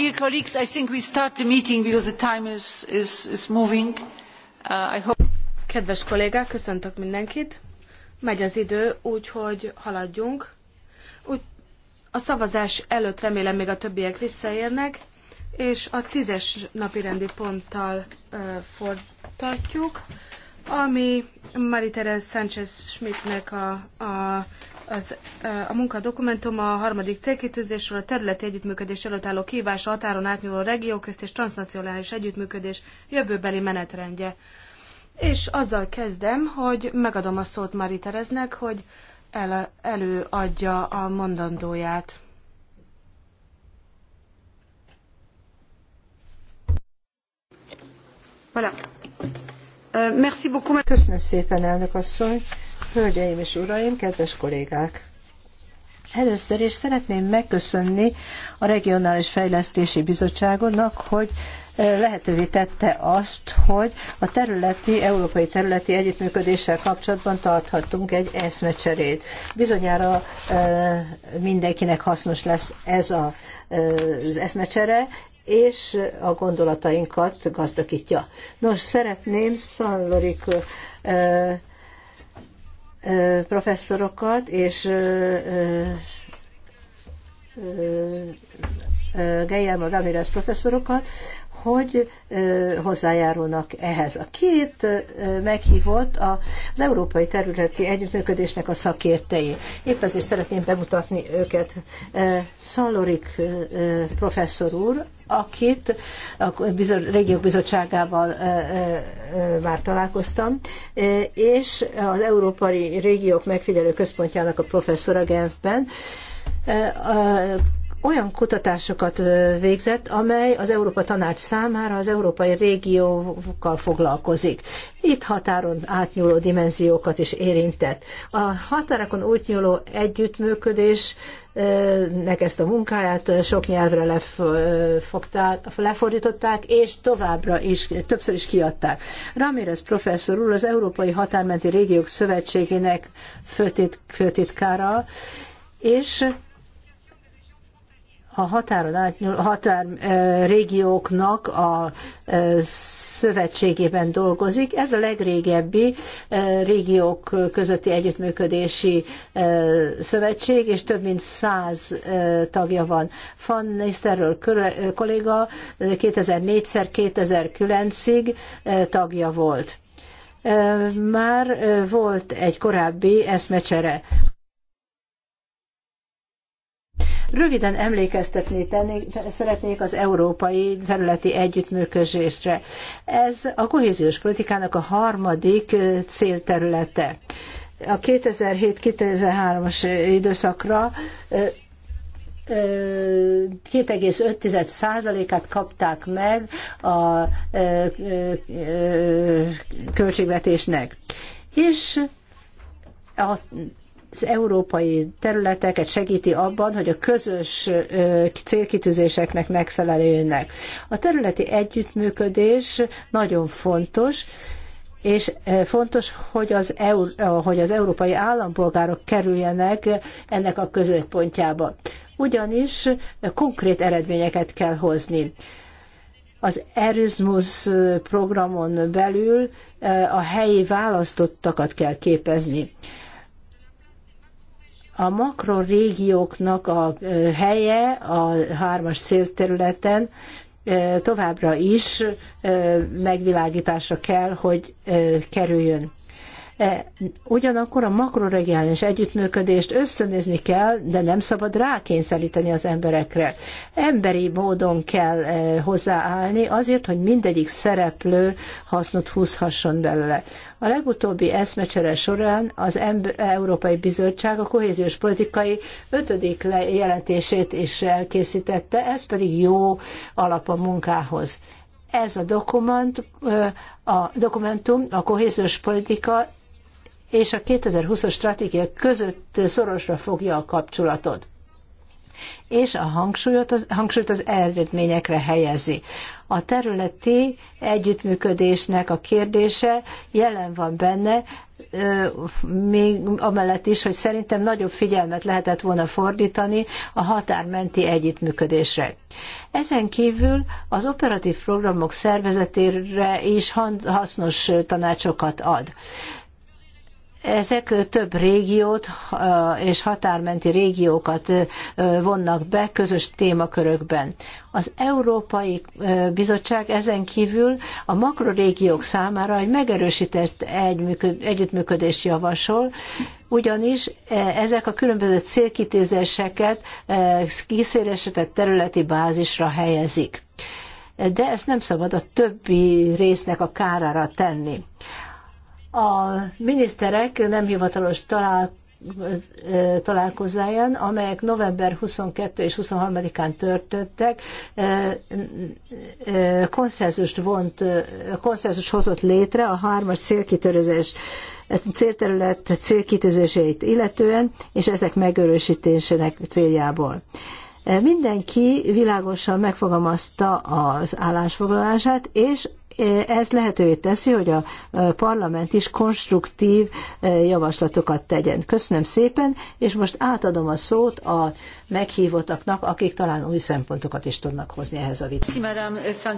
dear colleagues i think we start the meeting because the time is, is, moving. Uh, I kedves kollégák köszöntök mindenkit megy az idő úgyhogy haladjunk úgy, a szavazás előtt remélem még a többiek visszaérnek és a tízes napirendi ponttal ö, uh, fordtatjuk ami Marie-Thérèse Sánchez Schmidtnek a, a az, eh, a munka dokumentum a harmadik célkitűzésről a területi együttműködés előtt álló kívás határon átnyúló regióközt és transnacionális együttműködés jövőbeli menetrendje. És azzal kezdem, hogy megadom a szót Mari Tereznek, hogy el, előadja a mondandóját. Voilà. Euh, merci beaucoup. Köszönöm szépen, elnök asszony. Hölgyeim és uraim, kedves kollégák! Először is szeretném megköszönni a Regionális Fejlesztési Bizottságonak, hogy e, lehetővé tette azt, hogy a területi, európai területi együttműködéssel kapcsolatban tarthatunk egy eszmecserét. Bizonyára e, mindenkinek hasznos lesz ez a, e, az eszmecsere, és a gondolatainkat gazdagítja. Nos, szeretném Szanlorik professzorokat és Guillermo Ramirez professzorokat, hogy hozzájárulnak ehhez. A két meghívott a az Európai Területi Együttműködésnek a szakértei. Épp ezért szeretném bemutatni őket. Szallorik professzor úr, akit a bizor, régiók bizottságával már találkoztam, és az Európai Régiók Megfigyelő Központjának a professzora Genfben, olyan kutatásokat végzett, amely az Európa Tanács számára az európai régiókkal foglalkozik. Itt határon átnyúló dimenziókat is érintett. A határokon útnyúló együttműködésnek ezt a munkáját sok nyelvre lef, lefordították, és továbbra is, többször is kiadták. Ramirez professzor úr az Európai Határmenti Régiók Szövetségének főtit, főtitkára, és a határon átnyúl, határ régióknak a szövetségében dolgozik. Ez a legrégebbi régiók közötti együttműködési szövetség, és több mint száz tagja van. Van Nisterről kolléga 2004-szer 2009-ig tagja volt. Már volt egy korábbi eszmecsere Röviden emlékeztetni tenni, szeretnék az európai területi együttműködésre. Ez a kohéziós politikának a harmadik célterülete. A 2007-2013-as időszakra 2,5%-át kapták meg a költségvetésnek. És a az európai területeket segíti abban, hogy a közös célkitűzéseknek megfeleljenek. A területi együttműködés nagyon fontos, és fontos, hogy az, EU, hogy az európai állampolgárok kerüljenek ennek a középpontjába. Ugyanis konkrét eredményeket kell hozni az Erasmus programon belül a helyi választottakat kell képezni. A makrorégióknak a helye a hármas szélterületen továbbra is megvilágításra kell, hogy kerüljön. E, ugyanakkor a makroregionális együttműködést ösztönözni kell, de nem szabad rákényszeríteni az emberekre. Emberi módon kell e, hozzáállni azért, hogy mindegyik szereplő hasznot húzhasson belőle. A legutóbbi eszmecsere során az Európai Bizottság a kohéziós politikai ötödik jelentését is elkészítette, ez pedig jó alap a munkához ez a dokument, a dokumentum, a kohéziós politika és a 2020-as stratégia között szorosra fogja a kapcsolatot és a hangsúlyot az, hangsúlyt az eredményekre helyezi. A területi együttműködésnek a kérdése jelen van benne, még amellett is, hogy szerintem nagyobb figyelmet lehetett volna fordítani a határmenti együttműködésre. Ezen kívül az operatív programok szervezetére is hasznos tanácsokat ad. Ezek több régiót és határmenti régiókat vonnak be közös témakörökben. Az Európai Bizottság ezen kívül a makrorégiók számára egy megerősített együttműködést javasol, ugyanis ezek a különböző célkitézéseket kiszélesített területi bázisra helyezik. De ezt nem szabad a többi résznek a kárára tenni a miniszterek nem hivatalos talál, találkozáján, amelyek november 22 és 23-án történtek, konszenzust vont, konszenzus hozott létre a hármas célkitörözés célterület célkitűzéseit illetően, és ezek megörősítésének céljából. Mindenki világosan megfogalmazta az állásfoglalását, és ez lehetővé teszi, hogy a parlament is konstruktív e, javaslatokat tegyen. Köszönöm szépen, és most átadom a szót a meghívottaknak, akik talán új szempontokat is tudnak hozni ehhez a vitához.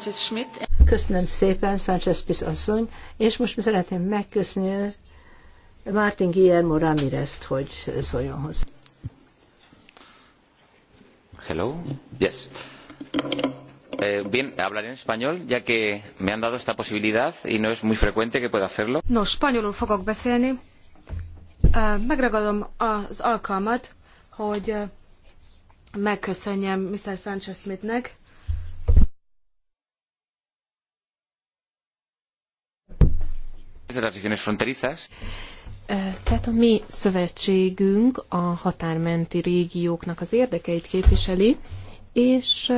Köszönöm szépen, Sánchez Pisz asszony, és most szeretném megköszönni Martin Guillermo Ramirez-t, hogy szóljon hozzá. Hello? Yes. Eh, bien, hablaré en español, ya que me han dado esta posibilidad y no es muy frecuente que pueda hacerlo. No, spanyolul fogok beszélni. Uh, Megragadom az alkalmat, hogy uh, megköszönjem Mr. Sanchez Smithnek, de las regiones fronterizas. Eh, tehát a mi szövetségünk a határmenti régióknak az érdekeit képviseli, és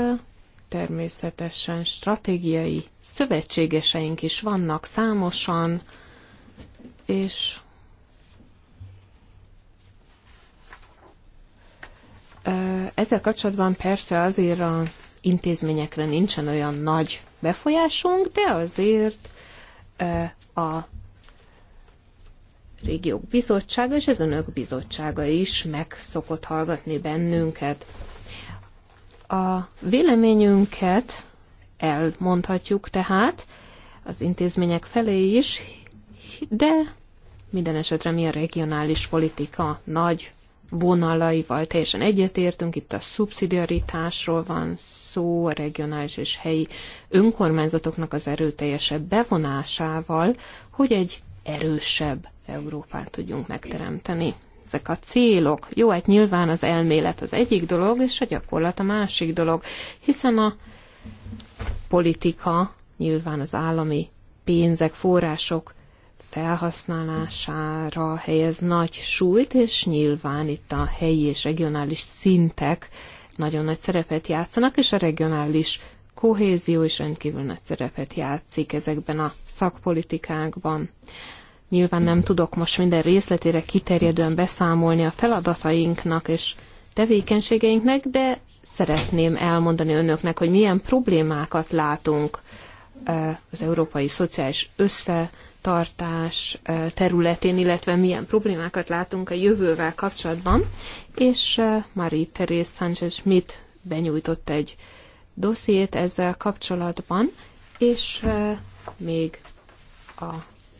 természetesen stratégiai szövetségeseink is vannak számosan, és ezzel kapcsolatban persze azért az intézményekre nincsen olyan nagy befolyásunk, de azért a régiók bizottsága és az önök bizottsága is meg szokott hallgatni bennünket. A véleményünket elmondhatjuk tehát az intézmények felé is, de minden esetre mi a regionális politika nagy vonalaival teljesen egyetértünk, itt a szubszidiaritásról van szó, a regionális és helyi önkormányzatoknak az erőteljesebb bevonásával, hogy egy erősebb Európát tudjunk megteremteni ezek a célok. Jó, hát nyilván az elmélet az egyik dolog, és a gyakorlat a másik dolog, hiszen a politika, nyilván az állami pénzek, források felhasználására helyez nagy súlyt, és nyilván itt a helyi és regionális szintek nagyon nagy szerepet játszanak, és a regionális kohézió is rendkívül nagy szerepet játszik ezekben a szakpolitikákban. Nyilván nem tudok most minden részletére kiterjedően beszámolni a feladatainknak és tevékenységeinknek, de szeretném elmondani önöknek, hogy milyen problémákat látunk az európai szociális összetartás területén, illetve milyen problémákat látunk a jövővel kapcsolatban, és Marie Therese Sánchez mit benyújtott egy dossziét ezzel kapcsolatban, és még a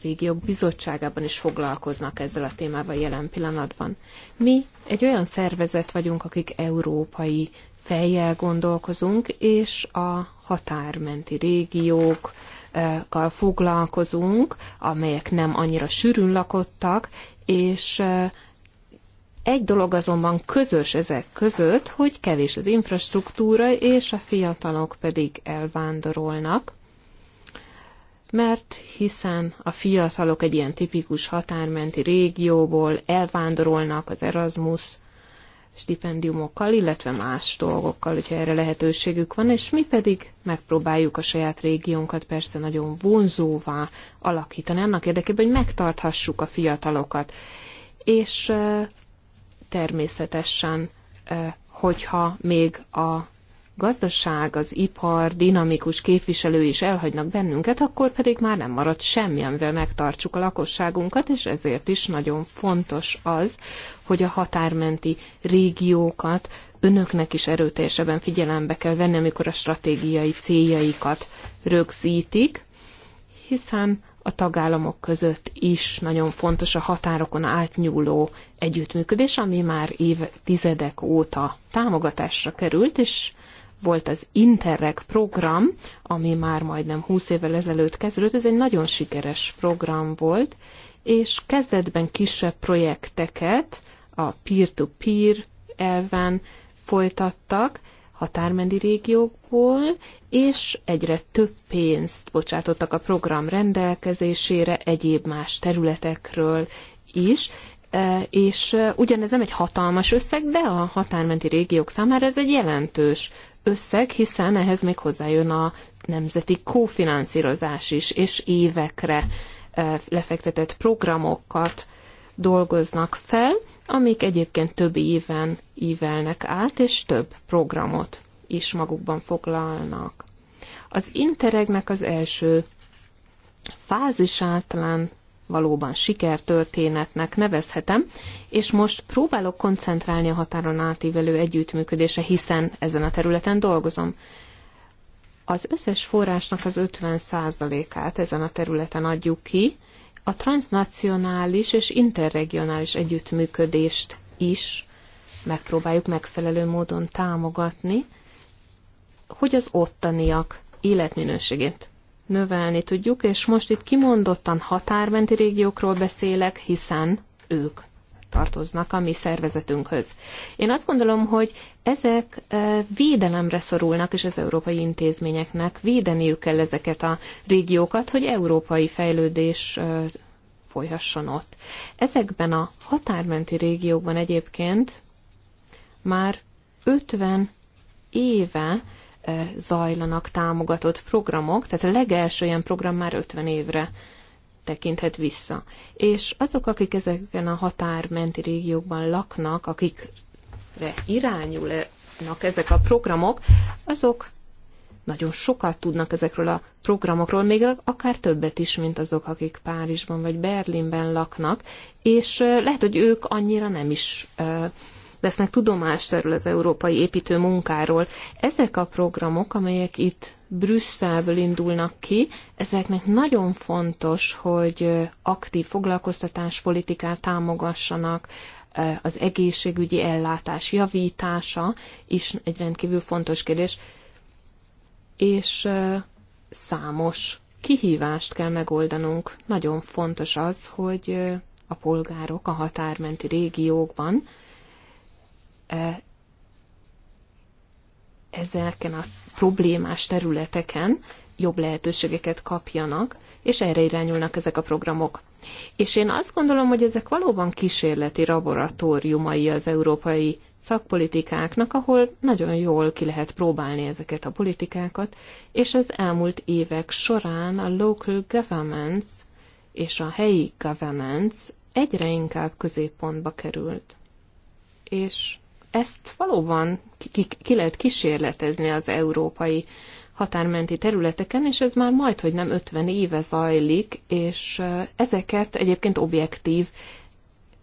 régiók bizottságában is foglalkoznak ezzel a témával jelen pillanatban. Mi egy olyan szervezet vagyunk, akik európai fejjel gondolkozunk, és a határmenti régiók, foglalkozunk, amelyek nem annyira sűrűn lakottak, és egy dolog azonban közös ezek között, hogy kevés az infrastruktúra, és a fiatalok pedig elvándorolnak mert hiszen a fiatalok egy ilyen tipikus határmenti régióból elvándorolnak az Erasmus stipendiumokkal, illetve más dolgokkal, hogyha erre lehetőségük van, és mi pedig megpróbáljuk a saját régiónkat persze nagyon vonzóvá alakítani, annak érdekében, hogy megtarthassuk a fiatalokat. És természetesen, hogyha még a gazdaság, az ipar dinamikus képviselői is elhagynak bennünket, akkor pedig már nem marad semmi, amivel megtartsuk a lakosságunkat, és ezért is nagyon fontos az, hogy a határmenti régiókat önöknek is erőteljesebben figyelembe kell venni, amikor a stratégiai céljaikat rögzítik, hiszen a tagállamok között is nagyon fontos a határokon átnyúló együttműködés, ami már évtizedek óta támogatásra került, és volt az Interreg program, ami már majdnem 20 évvel ezelőtt kezdődött. Ez egy nagyon sikeres program volt, és kezdetben kisebb projekteket a peer-to-peer -peer elven folytattak, határmendi régiókból, és egyre több pénzt bocsátottak a program rendelkezésére egyéb más területekről is, e, és e, ugyanez nem egy hatalmas összeg, de a határmenti régiók számára ez egy jelentős összeg, hiszen ehhez még hozzájön a nemzeti kófinanszírozás is, és évekre lefektetett programokat dolgoznak fel, amik egyébként több éven ívelnek át, és több programot is magukban foglalnak. Az Interregnek az első fázisátlan valóban sikertörténetnek nevezhetem, és most próbálok koncentrálni a határon átívelő együttműködése, hiszen ezen a területen dolgozom. Az összes forrásnak az 50%-át ezen a területen adjuk ki, a transnacionális és interregionális együttműködést is megpróbáljuk megfelelő módon támogatni, hogy az ottaniak életminőségét növelni tudjuk, és most itt kimondottan határmenti régiókról beszélek, hiszen ők tartoznak a mi szervezetünkhöz. Én azt gondolom, hogy ezek e, védelemre szorulnak, és az európai intézményeknek védeniük kell ezeket a régiókat, hogy európai fejlődés e, folyhasson ott. Ezekben a határmenti régiókban egyébként már 50 éve zajlanak támogatott programok, tehát a legelső ilyen program már 50 évre tekinthet vissza. És azok, akik ezeken a határmenti régiókban laknak, akikre irányulnak ezek a programok, azok nagyon sokat tudnak ezekről a programokról, még akár többet is, mint azok, akik Párizsban vagy Berlinben laknak, és lehet, hogy ők annyira nem is vesznek tudomást erről az európai építő munkáról. Ezek a programok, amelyek itt Brüsszelből indulnak ki, ezeknek nagyon fontos, hogy aktív politikát támogassanak, az egészségügyi ellátás javítása is egy rendkívül fontos kérdés, és számos kihívást kell megoldanunk. Nagyon fontos az, hogy a polgárok a határmenti régiókban E, ezeken a problémás területeken jobb lehetőségeket kapjanak, és erre irányulnak ezek a programok. És én azt gondolom, hogy ezek valóban kísérleti laboratóriumai az európai szakpolitikáknak, ahol nagyon jól ki lehet próbálni ezeket a politikákat, és az elmúlt évek során a local governments és a helyi governments egyre inkább középpontba került. És ezt valóban ki, ki lehet kísérletezni az európai határmenti területeken, és ez már majd, hogy nem 50 éve zajlik, és ezeket egyébként objektív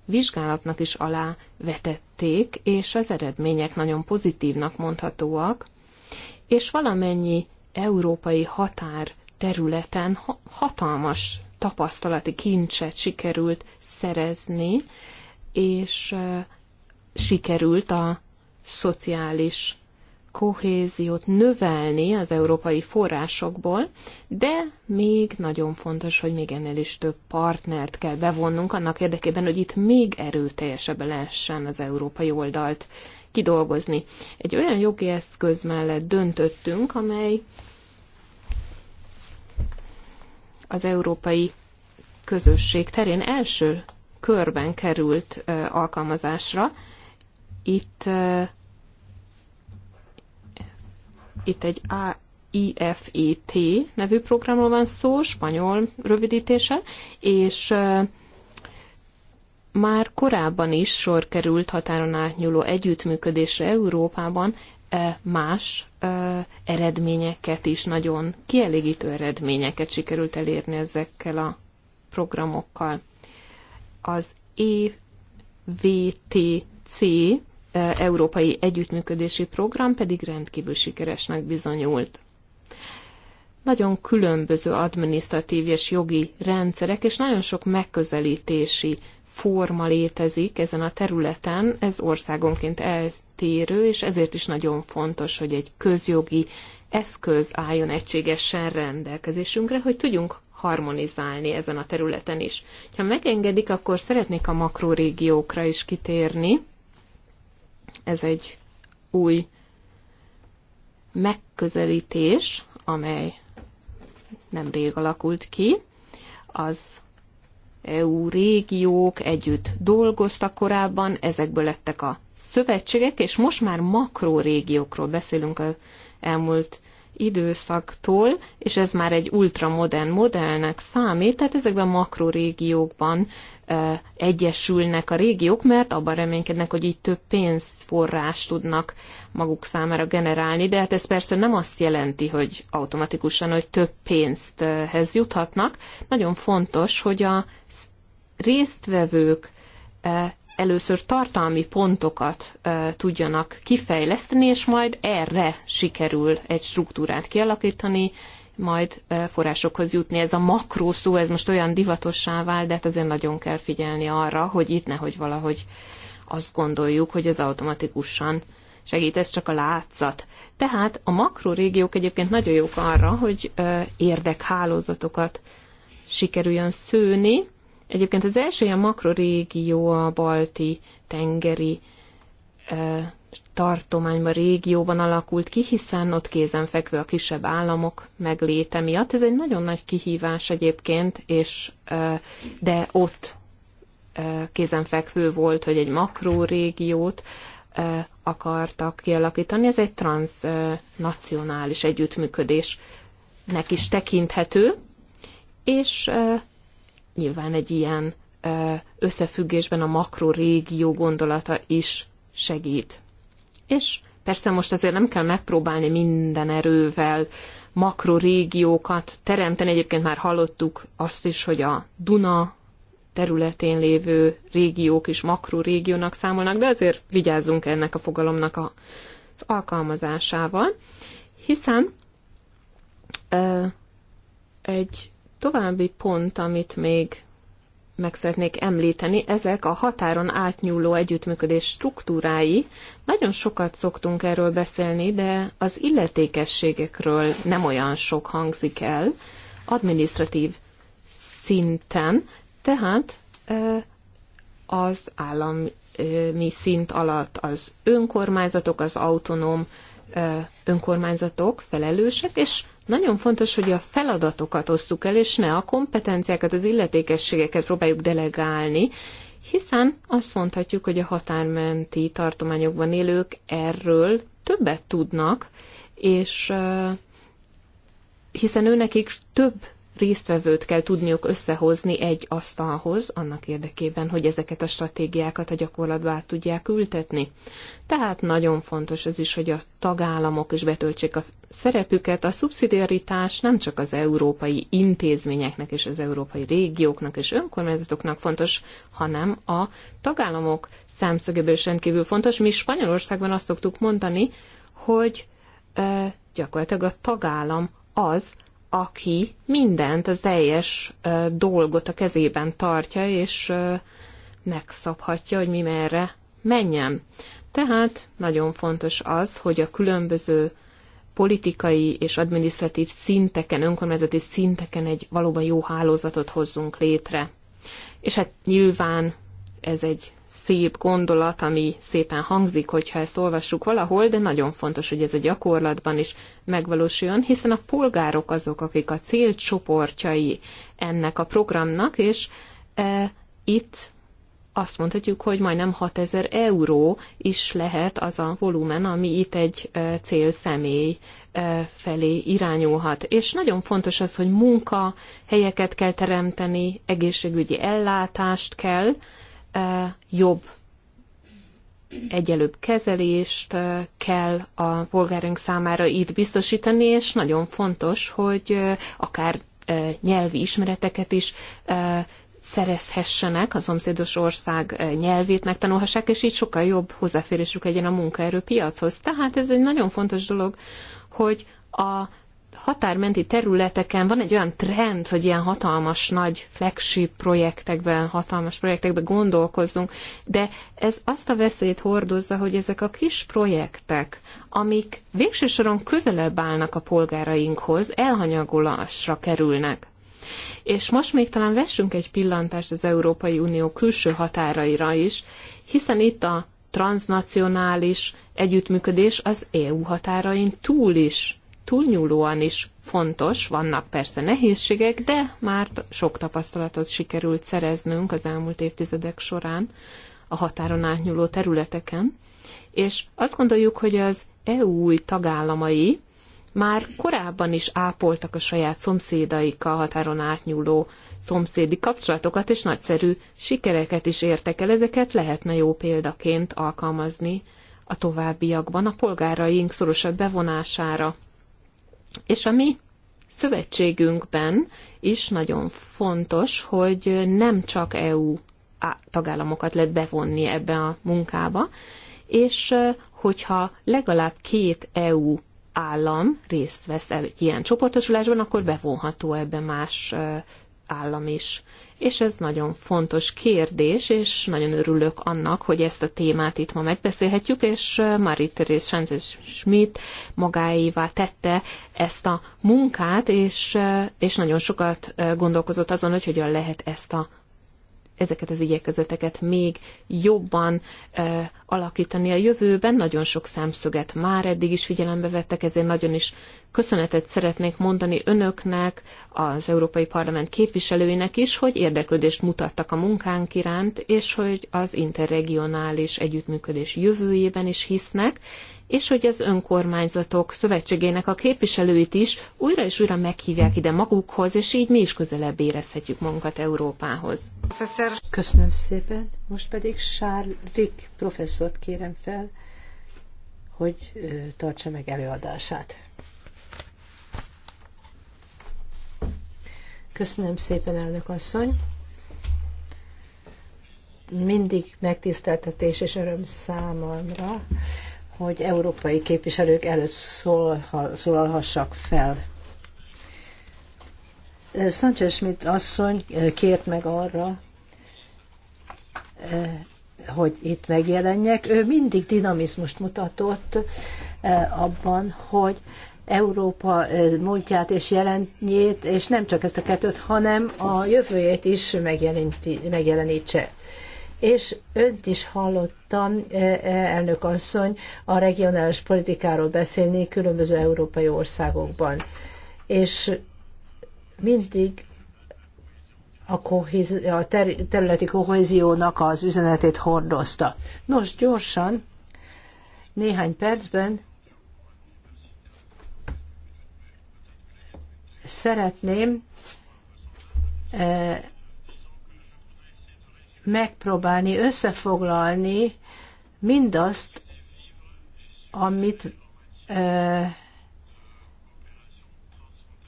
vizsgálatnak is alá vetették, és az eredmények nagyon pozitívnak mondhatóak, és valamennyi európai határ területen hatalmas tapasztalati kincset sikerült szerezni, és sikerült a szociális kohéziót növelni az európai forrásokból, de még nagyon fontos, hogy még ennél is több partnert kell bevonnunk annak érdekében, hogy itt még erőteljesebb lehessen az európai oldalt kidolgozni. Egy olyan jogi eszköz mellett döntöttünk, amely az európai közösség terén első körben került alkalmazásra, itt, itt egy A, IFET nevű programról van szó, spanyol rövidítése, és már korábban is sor került határon átnyúló együttműködésre Európában más eredményeket is, nagyon kielégítő eredményeket sikerült elérni ezekkel a programokkal. Az EVTC európai együttműködési program pedig rendkívül sikeresnek bizonyult. Nagyon különböző adminisztratív és jogi rendszerek, és nagyon sok megközelítési forma létezik ezen a területen, ez országonként eltérő, és ezért is nagyon fontos, hogy egy közjogi eszköz álljon egységesen rendelkezésünkre, hogy tudjunk harmonizálni ezen a területen is. Ha megengedik, akkor szeretnék a makrorégiókra is kitérni, ez egy új megközelítés, amely nemrég alakult ki. Az EU régiók együtt dolgoztak korábban, ezekből lettek a szövetségek, és most már makrorégiókról beszélünk az elmúlt időszaktól, és ez már egy ultramodern modellnek számít, tehát ezekben a makrorégiókban egyesülnek a régiók, mert abban reménykednek, hogy így több pénzforrás tudnak maguk számára generálni, de hát ez persze nem azt jelenti, hogy automatikusan, hogy több pénzthez juthatnak. Nagyon fontos, hogy a résztvevők először tartalmi pontokat tudjanak kifejleszteni, és majd erre sikerül egy struktúrát kialakítani, majd forrásokhoz jutni. Ez a makró szó, ez most olyan divatossá vált, de hát azért nagyon kell figyelni arra, hogy itt nehogy valahogy azt gondoljuk, hogy ez automatikusan segít, ez csak a látszat. Tehát a régiók egyébként nagyon jók arra, hogy érdekhálózatokat sikerüljön szőni. Egyébként az első ilyen makrorégió a balti tengeri tartományban, régióban alakult ki, hiszen ott kézenfekvő a kisebb államok megléte miatt. Ez egy nagyon nagy kihívás egyébként, és de ott kézenfekvő volt, hogy egy régiót akartak kialakítani. Ez egy transnacionális együttműködésnek is tekinthető, és nyilván egy ilyen összefüggésben a makrorégió gondolata is segít és persze most azért nem kell megpróbálni minden erővel makrorégiókat teremteni. Egyébként már hallottuk azt is, hogy a Duna területén lévő régiók is makrorégiónak számolnak, de azért vigyázzunk ennek a fogalomnak a, az alkalmazásával, hiszen ö, egy további pont, amit még meg szeretnék említeni, ezek a határon átnyúló együttműködés struktúrái. Nagyon sokat szoktunk erről beszélni, de az illetékességekről nem olyan sok hangzik el administratív szinten, tehát az állami szint alatt az önkormányzatok, az autonóm önkormányzatok felelősek, és nagyon fontos, hogy a feladatokat osszuk el, és ne a kompetenciákat, az illetékességeket próbáljuk delegálni, hiszen azt mondhatjuk, hogy a határmenti tartományokban élők erről többet tudnak, és hiszen ő nekik több résztvevőt kell tudniuk összehozni egy asztalhoz, annak érdekében, hogy ezeket a stratégiákat a gyakorlatba át tudják ültetni. Tehát nagyon fontos az is, hogy a tagállamok is betöltsék a szerepüket. A szubszidiaritás nem csak az európai intézményeknek és az európai régióknak és önkormányzatoknak fontos, hanem a tagállamok számszögéből is rendkívül fontos. Mi Spanyolországban azt szoktuk mondani, hogy gyakorlatilag a tagállam az, aki mindent, az teljes dolgot a kezében tartja, és megszabhatja, hogy mi merre menjen. Tehát nagyon fontos az, hogy a különböző politikai és adminisztratív szinteken, önkormányzati szinteken egy valóban jó hálózatot hozzunk létre. És hát nyilván ez egy szép gondolat, ami szépen hangzik, hogyha ezt olvassuk valahol, de nagyon fontos, hogy ez a gyakorlatban is megvalósuljon, hiszen a polgárok azok, akik a célcsoportjai ennek a programnak, és e, itt azt mondhatjuk, hogy majdnem 6000 euró is lehet az a volumen, ami itt egy e, célszemély e, felé irányulhat. És nagyon fontos az, hogy munkahelyeket kell teremteni, egészségügyi ellátást kell jobb egyelőbb kezelést kell a polgárunk számára itt biztosítani, és nagyon fontos, hogy akár nyelvi ismereteket is szerezhessenek, a szomszédos ország nyelvét megtanulhassák, és így sokkal jobb hozzáférésük legyen a munkaerőpiachoz. Tehát ez egy nagyon fontos dolog, hogy a határmenti területeken van egy olyan trend, hogy ilyen hatalmas nagy flagship projektekben, hatalmas projektekben gondolkozzunk, de ez azt a veszélyt hordozza, hogy ezek a kis projektek, amik végső soron közelebb állnak a polgárainkhoz, elhanyagolásra kerülnek. És most még talán vessünk egy pillantást az Európai Unió külső határaira is, hiszen itt a transnacionális együttműködés az EU határain túl is túlnyúlóan is fontos, vannak persze nehézségek, de már sok tapasztalatot sikerült szereznünk az elmúlt évtizedek során a határon átnyúló területeken, és azt gondoljuk, hogy az EU új tagállamai már korábban is ápoltak a saját szomszédaikkal határon átnyúló szomszédi kapcsolatokat, és nagyszerű sikereket is értek el, ezeket lehetne jó példaként alkalmazni a továbbiakban a polgáraink szorosabb bevonására és a mi szövetségünkben is nagyon fontos, hogy nem csak EU tagállamokat lehet bevonni ebbe a munkába, és hogyha legalább két EU állam részt vesz egy ilyen csoportosulásban, akkor bevonható ebbe más állam is és ez nagyon fontos kérdés, és nagyon örülök annak, hogy ezt a témát itt ma megbeszélhetjük, és Marie-Therese Sánchez Schmidt magáévá tette ezt a munkát, és, és nagyon sokat gondolkozott azon, hogy hogyan lehet ezt a ezeket az igyekezeteket még jobban e, alakítani a jövőben. Nagyon sok szemszöget már eddig is figyelembe vettek, ezért nagyon is köszönetet szeretnék mondani önöknek, az Európai Parlament képviselőinek is, hogy érdeklődést mutattak a munkánk iránt, és hogy az interregionális együttműködés jövőjében is hisznek, és hogy az önkormányzatok szövetségének a képviselőit is újra és újra meghívják ide magukhoz, és így mi is közelebb érezhetjük magunkat Európához. Professzor. Köszönöm szépen. Most pedig Sár professzort kérem fel, hogy tartsa meg előadását. Köszönöm szépen, elnök asszony. Mindig megtiszteltetés és öröm számomra, hogy európai képviselők előtt szólha, szólalhassak fel. Sanchez Schmidt asszony kért meg arra, hogy itt megjelenjek. Ő mindig dinamizmust mutatott eh, abban, hogy Európa múltját és jelenjét, és nem csak ezt a kettőt, hanem a jövőjét is megjelenítse. És önt is hallottam, elnök asszony, a regionális politikáról beszélni különböző európai országokban. És mindig a, kohézi, a ter, területi kohéziónak az üzenetét hordozta. Nos, gyorsan, néhány percben Szeretném e, megpróbálni összefoglalni mindazt, amit e,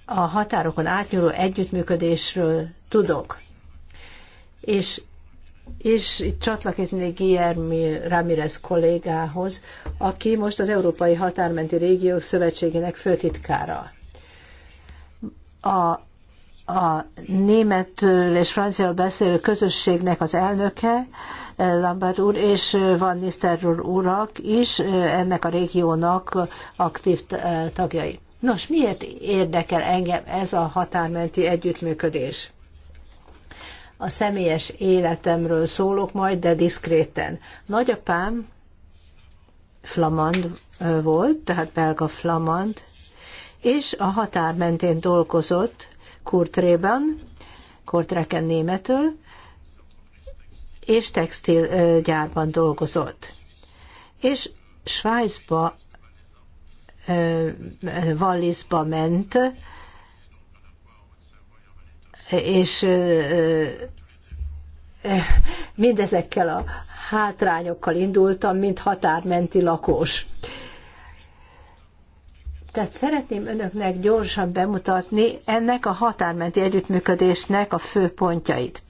a határokon átnyúló együttműködésről tudok. És, és itt csatlakozni Guillermo Ramirez kollégához, aki most az Európai Határmenti Régiók Szövetségének főtitkára a a német és francia beszélő közösségnek az elnöke, eh, Lambert úr, és eh, Van Nisztelrúr urak is eh, ennek a régiónak aktív tagjai. Nos, miért érdekel engem ez a határmenti együttműködés? A személyes életemről szólok majd, de diszkréten. Nagyapám flamand volt, tehát belga flamand, és a határ mentén dolgozott Kurtréban, Kortreken németül, és textilgyárban dolgozott. És Svájcba, Wallisba ment, és mindezekkel a hátrányokkal indultam, mint határmenti lakós. Tehát szeretném önöknek gyorsan bemutatni ennek a határmenti együttműködésnek a fő pontjait.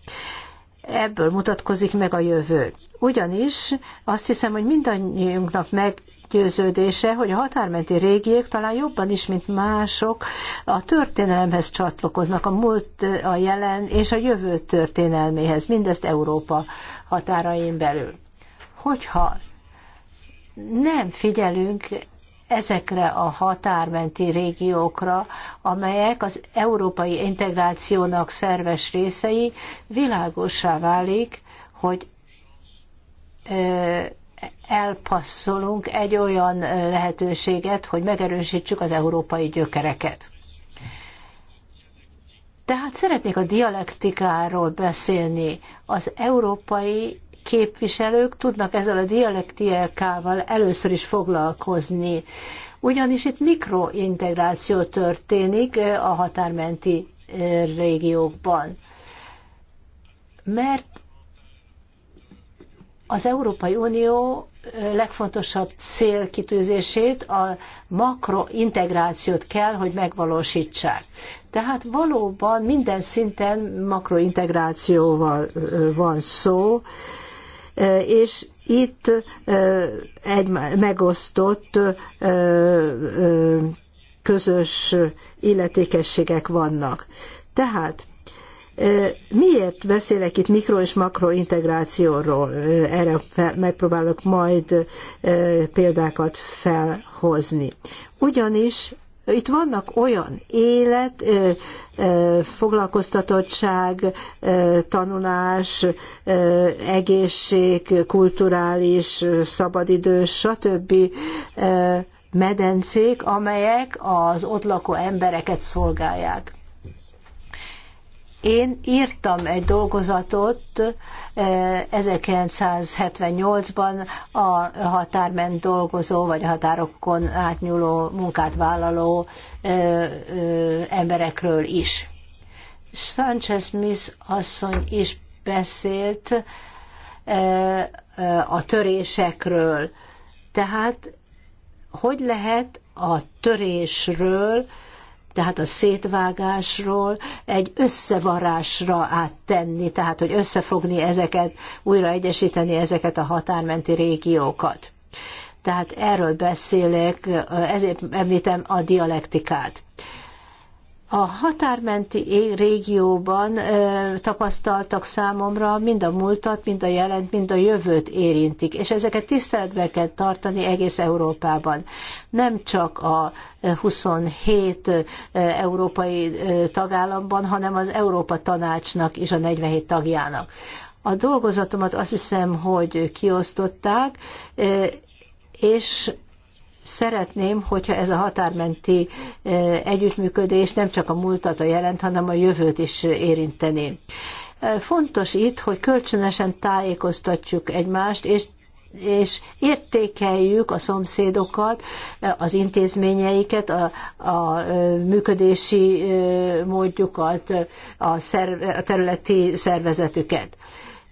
Ebből mutatkozik meg a jövő. Ugyanis azt hiszem, hogy mindannyiunknak meg meggyőződése, hogy a határmenti régiek talán jobban is, mint mások, a történelemhez csatlakoznak, a múlt, a jelen és a jövő történelméhez, mindezt Európa határain belül. Hogyha nem figyelünk ezekre a határmenti régiókra, amelyek az európai integrációnak szerves részei, világosá válik, hogy elpasszolunk egy olyan lehetőséget, hogy megerősítsük az európai gyökereket. Tehát szeretnék a dialektikáról beszélni. Az európai képviselők tudnak ezzel a dialektiákával először is foglalkozni. Ugyanis itt mikrointegráció történik eh, a határmenti eh, régiókban. Mert az Európai Unió eh, legfontosabb célkitűzését, a makrointegrációt kell, hogy megvalósítsák. Tehát valóban minden szinten makrointegrációval van szó, és itt egy megosztott közös illetékességek vannak. Tehát Miért beszélek itt mikro és makro integrációról? Erre megpróbálok majd példákat felhozni. Ugyanis itt vannak olyan élet, foglalkoztatottság, tanulás, egészség, kulturális, szabadidős, stb. medencék, amelyek az ott lakó embereket szolgálják. Én írtam egy dolgozatot 1978-ban eh, a határment dolgozó, vagy a határokon átnyúló munkát vállaló eh, eh, emberekről is. Sanchez Miss asszony is beszélt a törésekről. Tehát hogy lehet a törésről tehát a szétvágásról egy összevarásra áttenni, tehát hogy összefogni ezeket, újra egyesíteni ezeket a határmenti régiókat. Tehát erről beszélek, ezért említem a dialektikát. A határmenti régióban tapasztaltak számomra mind a múltat, mind a jelent, mind a jövőt érintik, és ezeket tiszteletben kell tartani egész Európában. Nem csak a 27 európai tagállamban, hanem az Európa Tanácsnak és a 47 tagjának. A dolgozatomat azt hiszem, hogy kiosztották, és szeretném, hogyha ez a határmenti e, együttműködés nem csak a múltat a jelent, hanem a jövőt is érinteni. E, fontos itt, hogy kölcsönösen tájékoztatjuk egymást, és és értékeljük a szomszédokat, e, az intézményeiket, a, a működési módjukat, a, szerv, a területi szervezetüket.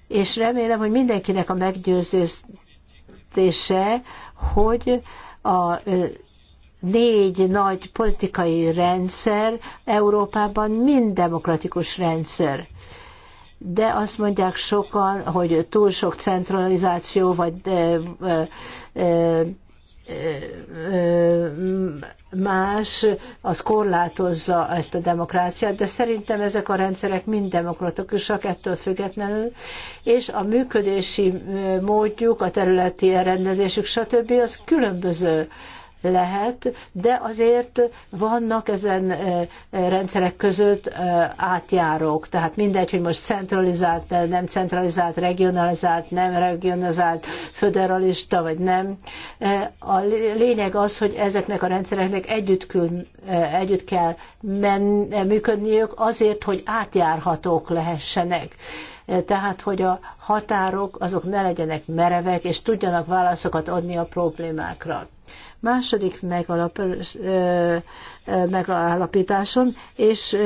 És remélem, hogy mindenkinek a meggyőződése, hogy a négy nagy politikai rendszer Európában mind demokratikus rendszer. De azt mondják sokan, hogy túl sok centralizáció vagy más, az korlátozza ezt a demokráciát, de szerintem ezek a rendszerek mind demokratikusak ettől függetlenül, és a működési módjuk, a területi elrendezésük, stb. az különböző lehet, de azért vannak ezen eh, rendszerek között eh, átjárók. Tehát mindegy, hogy most centralizált, eh, nem centralizált, regionalizált, nem regionalizált, föderalista vagy nem. A lényeg az, hogy ezeknek a rendszereknek együtt, kül, együtt kell men, működniük azért, hogy átjárhatók lehessenek tehát hogy a határok azok ne legyenek merevek, és tudjanak válaszokat adni a problémákra. Második megalap, megállapításon, és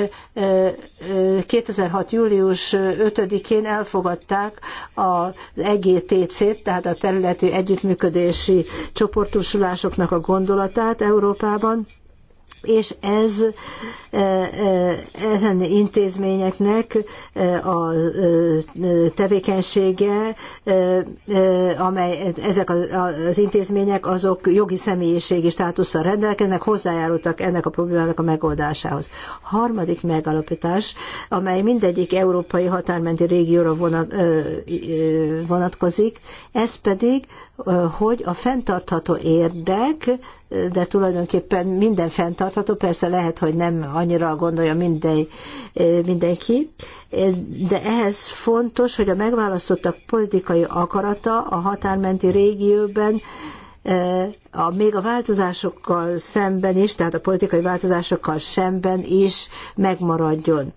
2006. július 5-én elfogadták az EGTC-t, tehát a területi együttműködési csoportosulásoknak a gondolatát Európában, és ez e, e, ezen intézményeknek e, a tevékenysége, amely ezek az intézmények azok jogi személyiségi státusszal rendelkeznek, hozzájárultak ennek a problémának a megoldásához. Harmadik megalapítás, amely mindegyik európai határmenti régióra vonatkozik, ez pedig, hogy a fenntartható érdek de tulajdonképpen minden fenntartható, persze lehet, hogy nem annyira gondolja minden, eh, mindenki, eh, de ehhez fontos, hogy a megválasztottak politikai akarata a határmenti régióban eh, a, még a változásokkal szemben is, tehát a politikai változásokkal szemben is megmaradjon.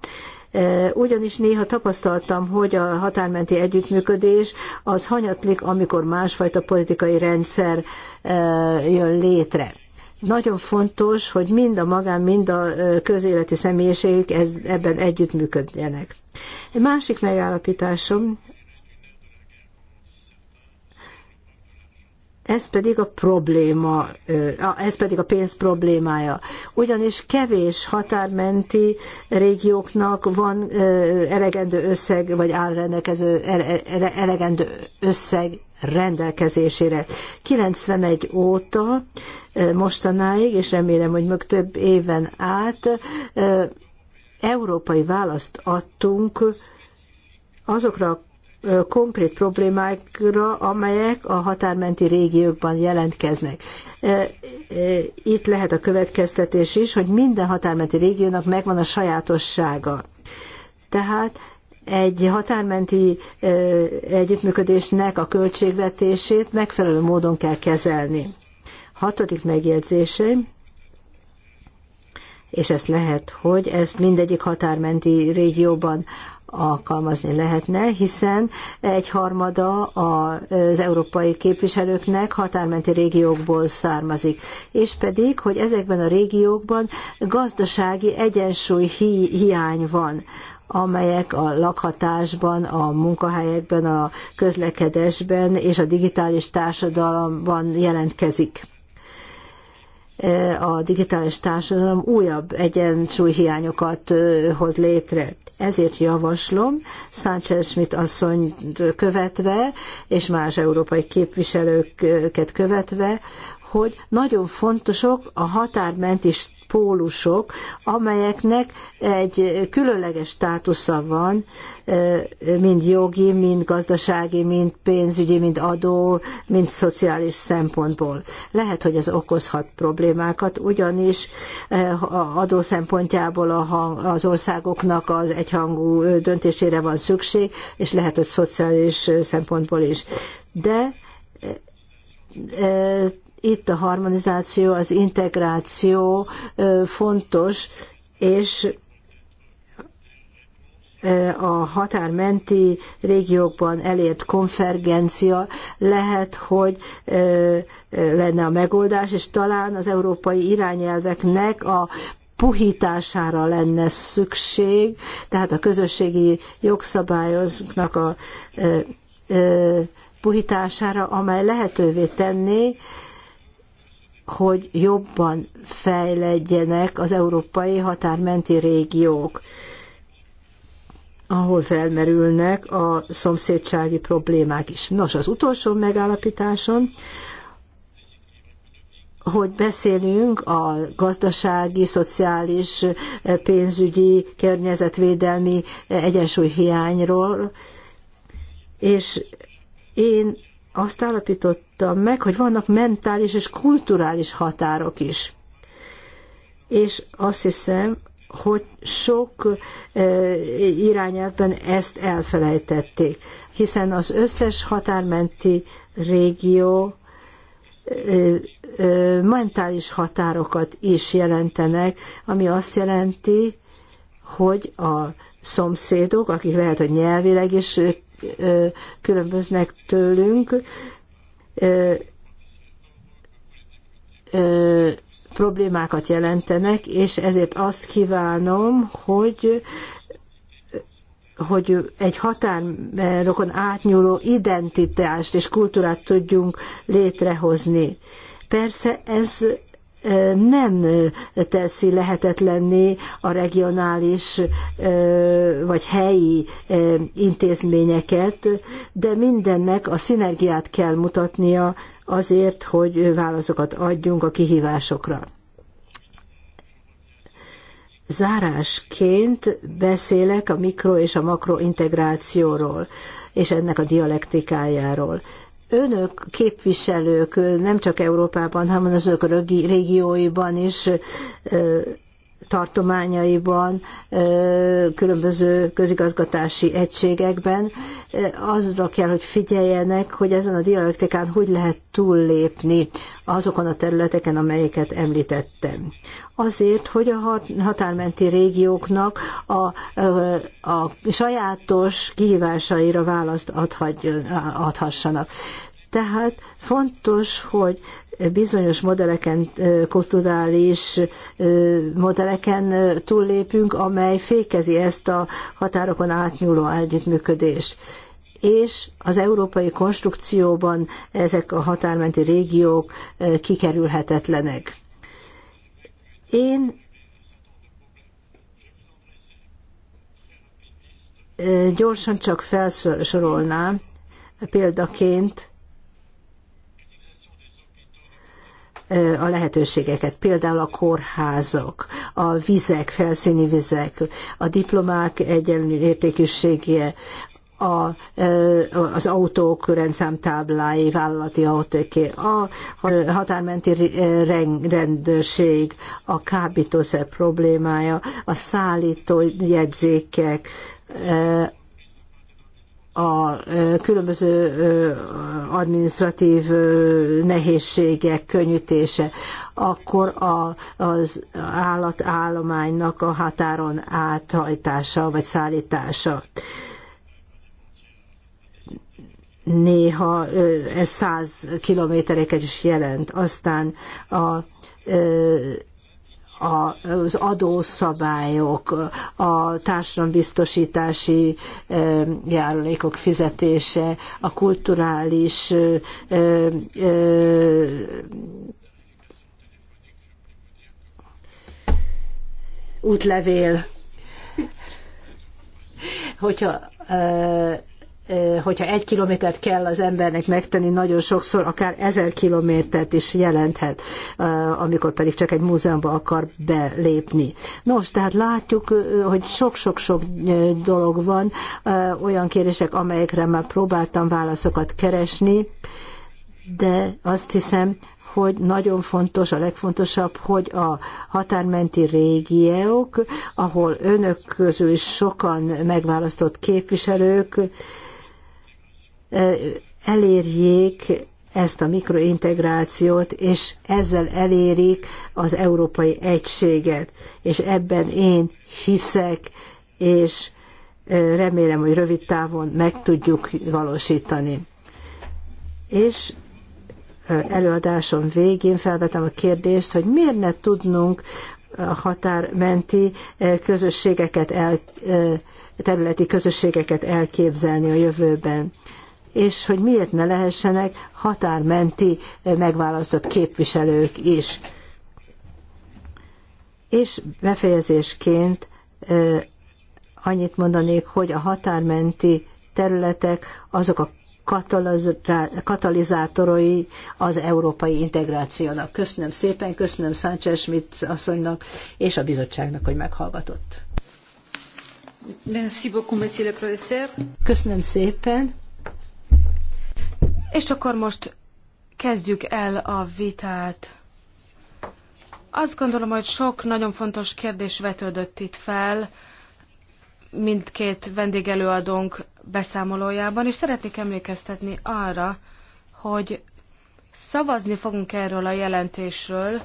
E, ugyanis néha tapasztaltam, hogy a határmenti együttműködés az hanyatlik, amikor másfajta politikai rendszer e, jön létre nagyon fontos, hogy mind a magán, mind a e, közéleti személyiségük ebben együttműködjenek. Egy másik megállapításom Ez pedig a probléma, ez pedig a pénz problémája. Ugyanis kevés határmenti régióknak van elegendő összeg, vagy áll rendelkező elegendő összeg rendelkezésére. 91 óta mostanáig, és remélem, hogy meg több éven át európai választ adtunk azokra a konkrét problémákra, amelyek a határmenti régiókban jelentkeznek. Itt lehet a következtetés is, hogy minden határmenti régiónak megvan a sajátossága. Tehát egy határmenti együttműködésnek a költségvetését megfelelő módon kell kezelni. Hatodik megjegyzésem, és ezt lehet, hogy ezt mindegyik határmenti régióban alkalmazni lehetne, hiszen egy harmada az európai képviselőknek határmenti régiókból származik, és pedig, hogy ezekben a régiókban gazdasági egyensúly hi- hiány van amelyek a lakhatásban, a munkahelyekben, a közlekedésben és a digitális társadalomban jelentkezik a digitális társadalom újabb egyensúlyhiányokat hoz létre. Ezért javaslom Sánchez Schmidt asszony követve, és más európai képviselőket követve, hogy nagyon fontosok a határmenti pólusok, amelyeknek egy különleges státusza van, mind jogi, mind gazdasági, mind pénzügyi, mind adó, mind szociális szempontból. Lehet, hogy ez okozhat problémákat, ugyanis adó szempontjából az országoknak az egyhangú döntésére van szükség, és lehet, hogy szociális szempontból is. De itt a harmonizáció, az integráció fontos, és a határmenti régiókban elért konvergencia lehet, hogy lenne a megoldás, és talán az európai irányelveknek a puhítására lenne szükség, tehát a közösségi jogszabályoknak a puhítására, amely lehetővé tenné, hogy jobban fejledjenek az európai határmenti régiók, ahol felmerülnek a szomszédsági problémák is. Nos, az utolsó megállapításon, hogy beszélünk a gazdasági, szociális, pénzügyi, környezetvédelmi egyensúlyhiányról, és én azt állapítottam meg, hogy vannak mentális és kulturális határok is. És azt hiszem, hogy sok e, irányelvben ezt elfelejtették, hiszen az összes határmenti régió e, e, mentális határokat is jelentenek, ami azt jelenti, hogy a szomszédok, akik lehet, hogy nyelvileg is különböznek tőlünk, problémákat jelentenek, és ezért azt kívánom, hogy hogy egy határokon átnyúló identitást és kultúrát tudjunk létrehozni. Persze ez nem teszi lehetetlenné a regionális vagy helyi intézményeket, de mindennek a szinergiát kell mutatnia azért, hogy válaszokat adjunk a kihívásokra. Zárásként beszélek a mikro és a makro integrációról, és ennek a dialektikájáról önök képviselők nem csak Európában, hanem az önök régióiban is tartományaiban, különböző közigazgatási egységekben azra kell, hogy figyeljenek, hogy ezen a dialektikán hogy lehet túllépni azokon a területeken, amelyeket említettem azért, hogy a határmenti régióknak a, a sajátos kihívásaira választ adhassanak. Tehát fontos, hogy bizonyos modeleken, kulturális modeleken túllépünk, amely fékezi ezt a határokon átnyúló együttműködést és az európai konstrukcióban ezek a határmenti régiók kikerülhetetlenek. Én gyorsan csak felsorolnám példaként a lehetőségeket, például a kórházak, a vizek, felszíni vizek, a diplomák egyenlő értékűsége, a, e, az autók rendszámtáblái, vállalati autóké, a határmenti e, rendőrség, a kábítószer problémája, a szállító jegyzékek, e, a különböző administratív nehézségek könnyítése, akkor a, az állatállománynak a határon áthajtása vagy szállítása néha ez száz kilométereket is jelent. Aztán a az adószabályok, a társadalombiztosítási járulékok fizetése, a kulturális útlevél, hogyha Eh, hogyha egy kilométert kell az embernek megtenni, nagyon sokszor akár ezer kilométert is jelenthet, eh, amikor pedig csak egy múzeumba akar belépni. Nos, tehát látjuk, eh, hogy sok-sok-sok dolog van, olyan kérdések, amelyekre már próbáltam válaszokat keresni, de azt hiszem, hogy nagyon fontos, a legfontosabb, hogy a határmenti régiók, ahol önök közül is sokan megválasztott képviselők, elérjék ezt a mikrointegrációt, és ezzel elérik az európai egységet. És ebben én hiszek, és remélem, hogy rövid távon meg tudjuk valósítani. És előadásom végén felvetem a kérdést, hogy miért ne tudnunk a határmenti közösségeket, el, területi közösségeket elképzelni a jövőben és hogy miért ne lehessenek határmenti eh, megválasztott képviselők is. És befejezésként eh, annyit mondanék, hogy a határmenti területek azok a katalizátorai az európai integrációnak. Köszönöm szépen, köszönöm Sánchez Schmidt asszonynak és a bizottságnak, hogy meghallgatott. Köszönöm szépen. És akkor most kezdjük el a vitát. Azt gondolom, hogy sok nagyon fontos kérdés vetődött itt fel mindkét vendégelőadónk beszámolójában, és szeretnék emlékeztetni arra, hogy szavazni fogunk erről a jelentésről,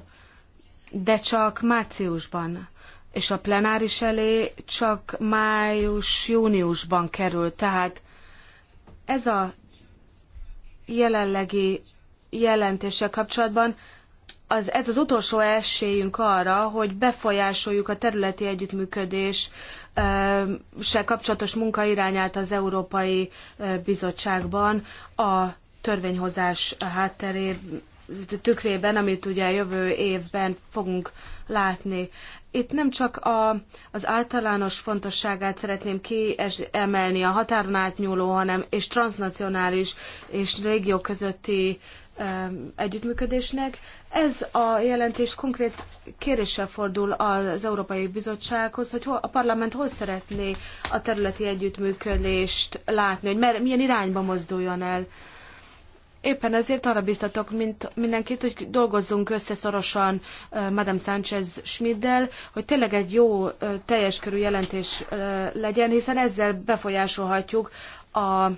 de csak márciusban, és a plenáris elé csak május-júniusban kerül. Tehát ez a jelenlegi jelentéssel kapcsolatban az, ez az utolsó esélyünk arra, hogy befolyásoljuk a területi együttműködés ehm, se kapcsolatos munka irányát az Európai eh, Bizottságban a törvényhozás hátterében tükrében, amit ugye jövő évben fogunk látni itt nem csak a, az általános fontosságát szeretném kiemelni a határon átnyúló, hanem és transnacionális és régió közötti együttműködésnek. Ez a jelentés konkrét kéréssel fordul az Európai Bizottsághoz, hogy a parlament hol szeretné a területi együttműködést látni, hogy mer, milyen irányba mozduljon el. Éppen ezért arra biztatok mint mindenkit, hogy dolgozzunk összeszorosan Madame Sánchez Schmiddel, hogy tényleg egy jó teljes körű jelentés legyen, hiszen ezzel befolyásolhatjuk a,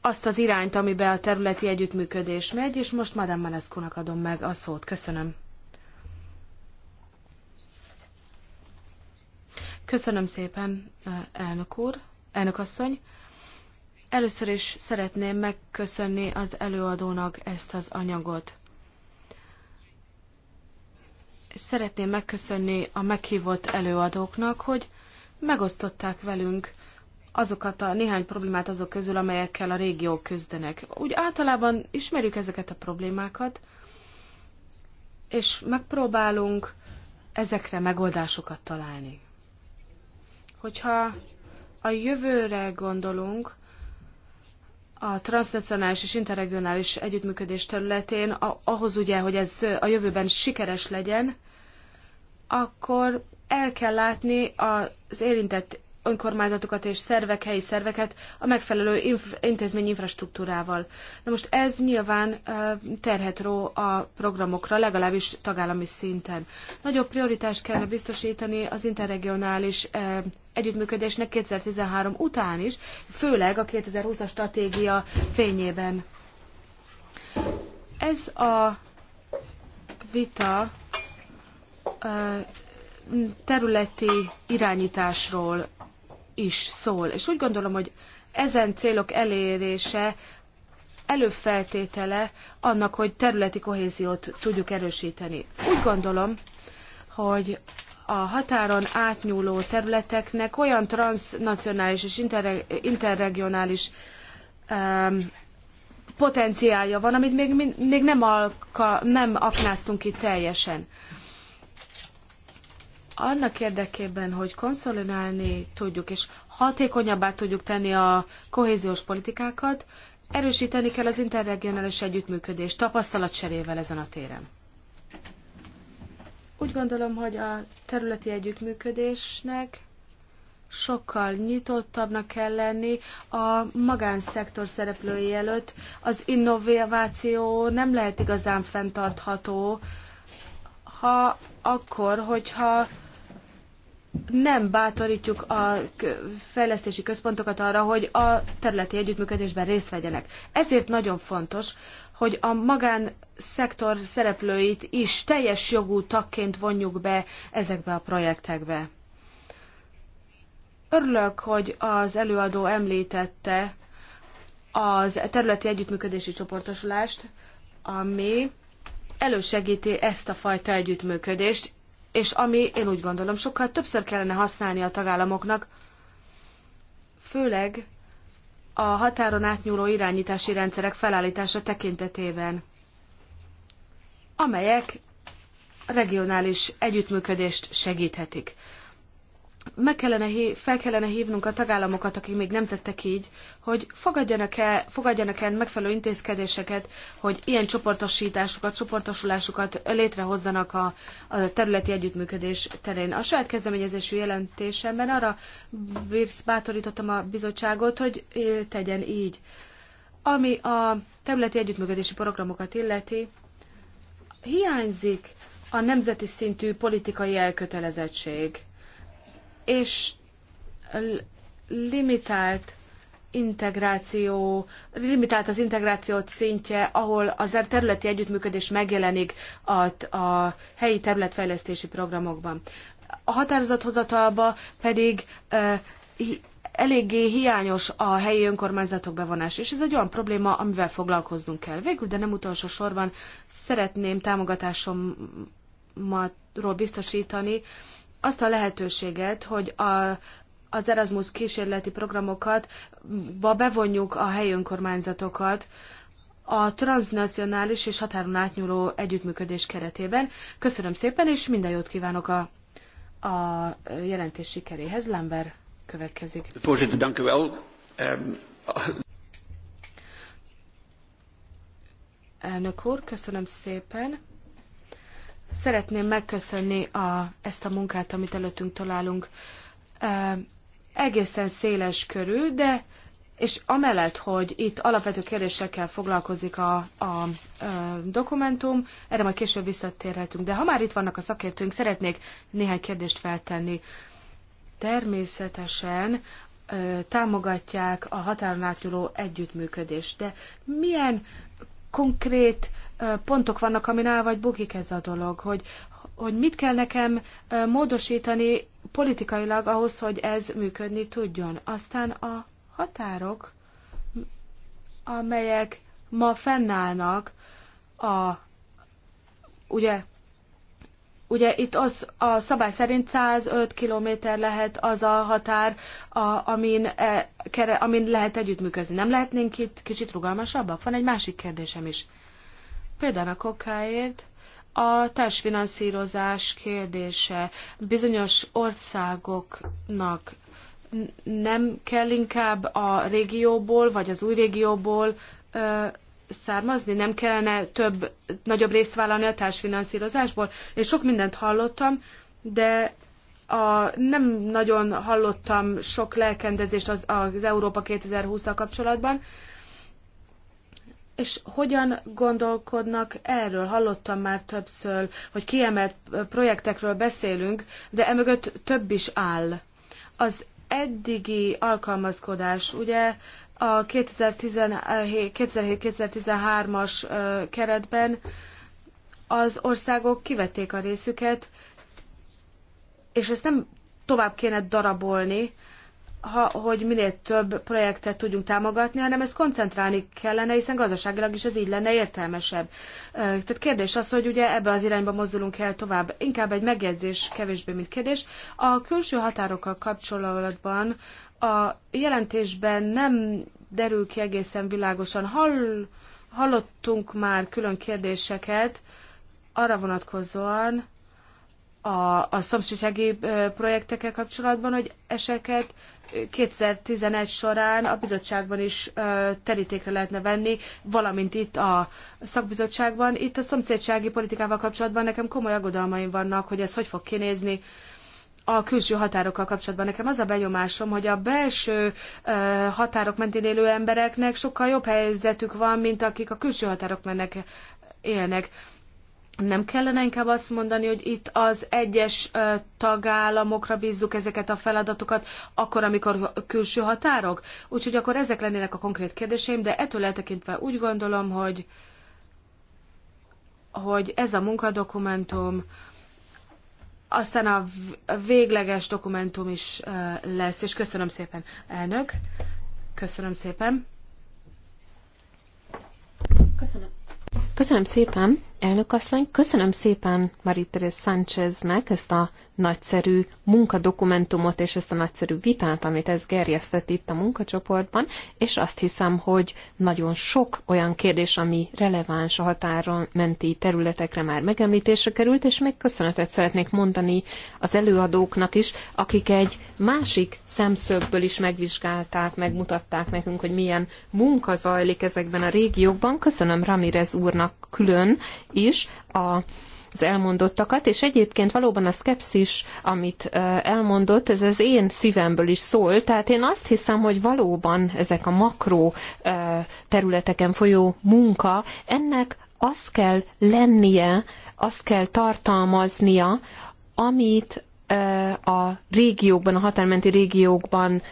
azt az irányt, amiben a területi együttműködés megy, és most Madame manescu adom meg a szót. Köszönöm. Köszönöm szépen, elnök úr, elnök asszony. Először is szeretném megköszönni az előadónak ezt az anyagot. Szeretném megköszönni a meghívott előadóknak, hogy megosztották velünk azokat a néhány problémát azok közül, amelyekkel a régiók küzdenek. Úgy általában ismerjük ezeket a problémákat, és megpróbálunk ezekre megoldásokat találni. Hogyha a jövőre gondolunk, a transnacionális és interregionális együttműködés területén, ahhoz ugye, hogy ez a jövőben sikeres legyen, akkor el kell látni az érintett önkormányzatokat és szervek, helyi szerveket a megfelelő inf- intézmény infrastruktúrával. Na most ez nyilván terhet ró a programokra, legalábbis tagállami szinten. Nagyobb prioritást kell biztosítani az interregionális együttműködésnek 2013 után is, főleg a 2020-as stratégia fényében. Ez a vita területi irányításról is szól, és úgy gondolom, hogy ezen célok elérése előfeltétele annak, hogy területi kohéziót tudjuk erősíteni. Úgy gondolom, hogy a határon átnyúló területeknek olyan transnacionális és interregionális um, potenciálja van, amit még, még nem, alka, nem aknáztunk ki teljesen. Annak érdekében, hogy konszolidálni tudjuk, és hatékonyabbá tudjuk tenni a kohéziós politikákat, erősíteni kell az interregionális együttműködést tapasztalatcserével ezen a téren. Úgy gondolom, hogy a területi együttműködésnek sokkal nyitottabbnak kell lenni a magánszektor szereplői előtt. Az innováció nem lehet igazán fenntartható, ha akkor, hogyha nem bátorítjuk a fejlesztési központokat arra, hogy a területi együttműködésben részt vegyenek. Ezért nagyon fontos, hogy a magán szektor szereplőit is teljes jogú tagként vonjuk be ezekbe a projektekbe. Örülök, hogy az előadó említette az területi együttműködési csoportosulást, ami elősegíti ezt a fajta együttműködést, és ami én úgy gondolom sokkal többször kellene használni a tagállamoknak, főleg a határon átnyúló irányítási rendszerek felállítása tekintetében, amelyek regionális együttműködést segíthetik meg kellene, fel kellene hívnunk a tagállamokat, akik még nem tettek így, hogy fogadjanak el, fogadjanak el megfelelő intézkedéseket, hogy ilyen csoportosításokat, csoportosulásokat létrehozzanak a, a területi együttműködés terén. A saját kezdeményezésű jelentésemben arra bátorítottam a bizottságot, hogy tegyen így. Ami a területi együttműködési programokat illeti, hiányzik a nemzeti szintű politikai elkötelezettség és limitált integráció, limitált az integrációt szintje, ahol az er- területi együttműködés megjelenik a, a helyi területfejlesztési programokban. A határozathozatalba pedig e, eléggé hiányos a helyi önkormányzatok bevonása, és ez egy olyan probléma, amivel foglalkoznunk kell. Végül, de nem utolsó sorban szeretném támogatásomról biztosítani azt a lehetőséget, hogy a, az Erasmus kísérleti programokat ba bevonjuk a helyi önkormányzatokat a transnacionális és határon átnyúló együttműködés keretében. Köszönöm szépen, és minden jót kívánok a, a jelentés sikeréhez. Lember következik. Ehm, Elnök úr, köszönöm szépen. Szeretném megköszönni a, ezt a munkát, amit előttünk találunk. E, egészen széles körű, de és amellett, hogy itt alapvető kérdésekkel foglalkozik a, a, a dokumentum, erre majd később visszatérhetünk. De ha már itt vannak a szakértőink, szeretnék néhány kérdést feltenni. Természetesen ö, támogatják a határon átnyúló együttműködést, de milyen konkrét ö, pontok vannak, amin áll vagy bukik ez a dolog, hogy, hogy mit kell nekem módosítani politikailag ahhoz, hogy ez működni tudjon. Aztán a határok, amelyek ma fennállnak a ugye Ugye itt az a szabály szerint 105 km lehet az a határ, a, amin, e, kere, amin lehet együttműködni. Nem lehetnénk itt kicsit rugalmasabbak? Van egy másik kérdésem is. Például a kokáért a társfinanszírozás kérdése bizonyos országoknak nem kell inkább a régióból vagy az új régióból ö, származni? Nem kellene több, nagyobb részt vállalni a társfinanszírozásból? Én sok mindent hallottam, de a, nem nagyon hallottam sok lelkendezést az, az Európa 2020-tal kapcsolatban. Ö, és hogyan gondolkodnak erről? Hallottam már többször, hogy kiemelt projektekről beszélünk, de emögött több is áll. Az eddigi alkalmazkodás, ugye a 2007-2013-as keretben az országok kivették a részüket, és ezt nem tovább kéne darabolni, ha, hogy minél több projektet tudjunk támogatni, hanem ezt koncentrálni kellene, hiszen gazdaságilag is ez így lenne értelmesebb. Tehát kérdés az, hogy ugye ebbe az irányba mozdulunk el tovább. Inkább egy megjegyzés, kevésbé, mint kérdés. A külső határokkal kapcsolatban a jelentésben nem derül ki egészen világosan. Hall, hallottunk már külön kérdéseket arra vonatkozóan, a, a szomszédsági projektekkel kapcsolatban, hogy eseket 2011 során a bizottságban is terítékre lehetne venni, valamint itt a szakbizottságban. Itt a szomszédsági politikával kapcsolatban nekem komoly aggodalmaim vannak, hogy ez hogy fog kinézni a külső határokkal kapcsolatban. Nekem az a benyomásom, hogy a belső határok mentén élő embereknek sokkal jobb helyzetük van, mint akik a külső határok mennek, élnek nem kellene inkább azt mondani, hogy itt az egyes tagállamokra bízzuk ezeket a feladatokat, akkor, amikor külső határok? Úgyhogy akkor ezek lennének a konkrét kérdéseim, de ettől eltekintve úgy gondolom, hogy, hogy ez a munkadokumentum, aztán a végleges dokumentum is lesz, és köszönöm szépen, elnök. Köszönöm szépen. Köszönöm. Köszönöm szépen. Elnökasszony, köszönöm szépen marie Sáncheznek ezt a nagyszerű munkadokumentumot és ezt a nagyszerű vitát, amit ez gerjesztett itt a munkacsoportban, és azt hiszem, hogy nagyon sok olyan kérdés, ami releváns a határon menti területekre már megemlítésre került, és még köszönetet szeretnék mondani az előadóknak is, akik egy másik szemszögből is megvizsgálták, megmutatták nekünk, hogy milyen munka zajlik ezekben a régiókban. Köszönöm Ramirez úrnak külön, is a az elmondottakat, és egyébként valóban a szkepszis, amit elmondott, ez az én szívemből is szól, tehát én azt hiszem, hogy valóban ezek a makró területeken folyó munka, ennek az kell lennie, azt kell tartalmaznia, amit a régiókban, a határmenti régiókban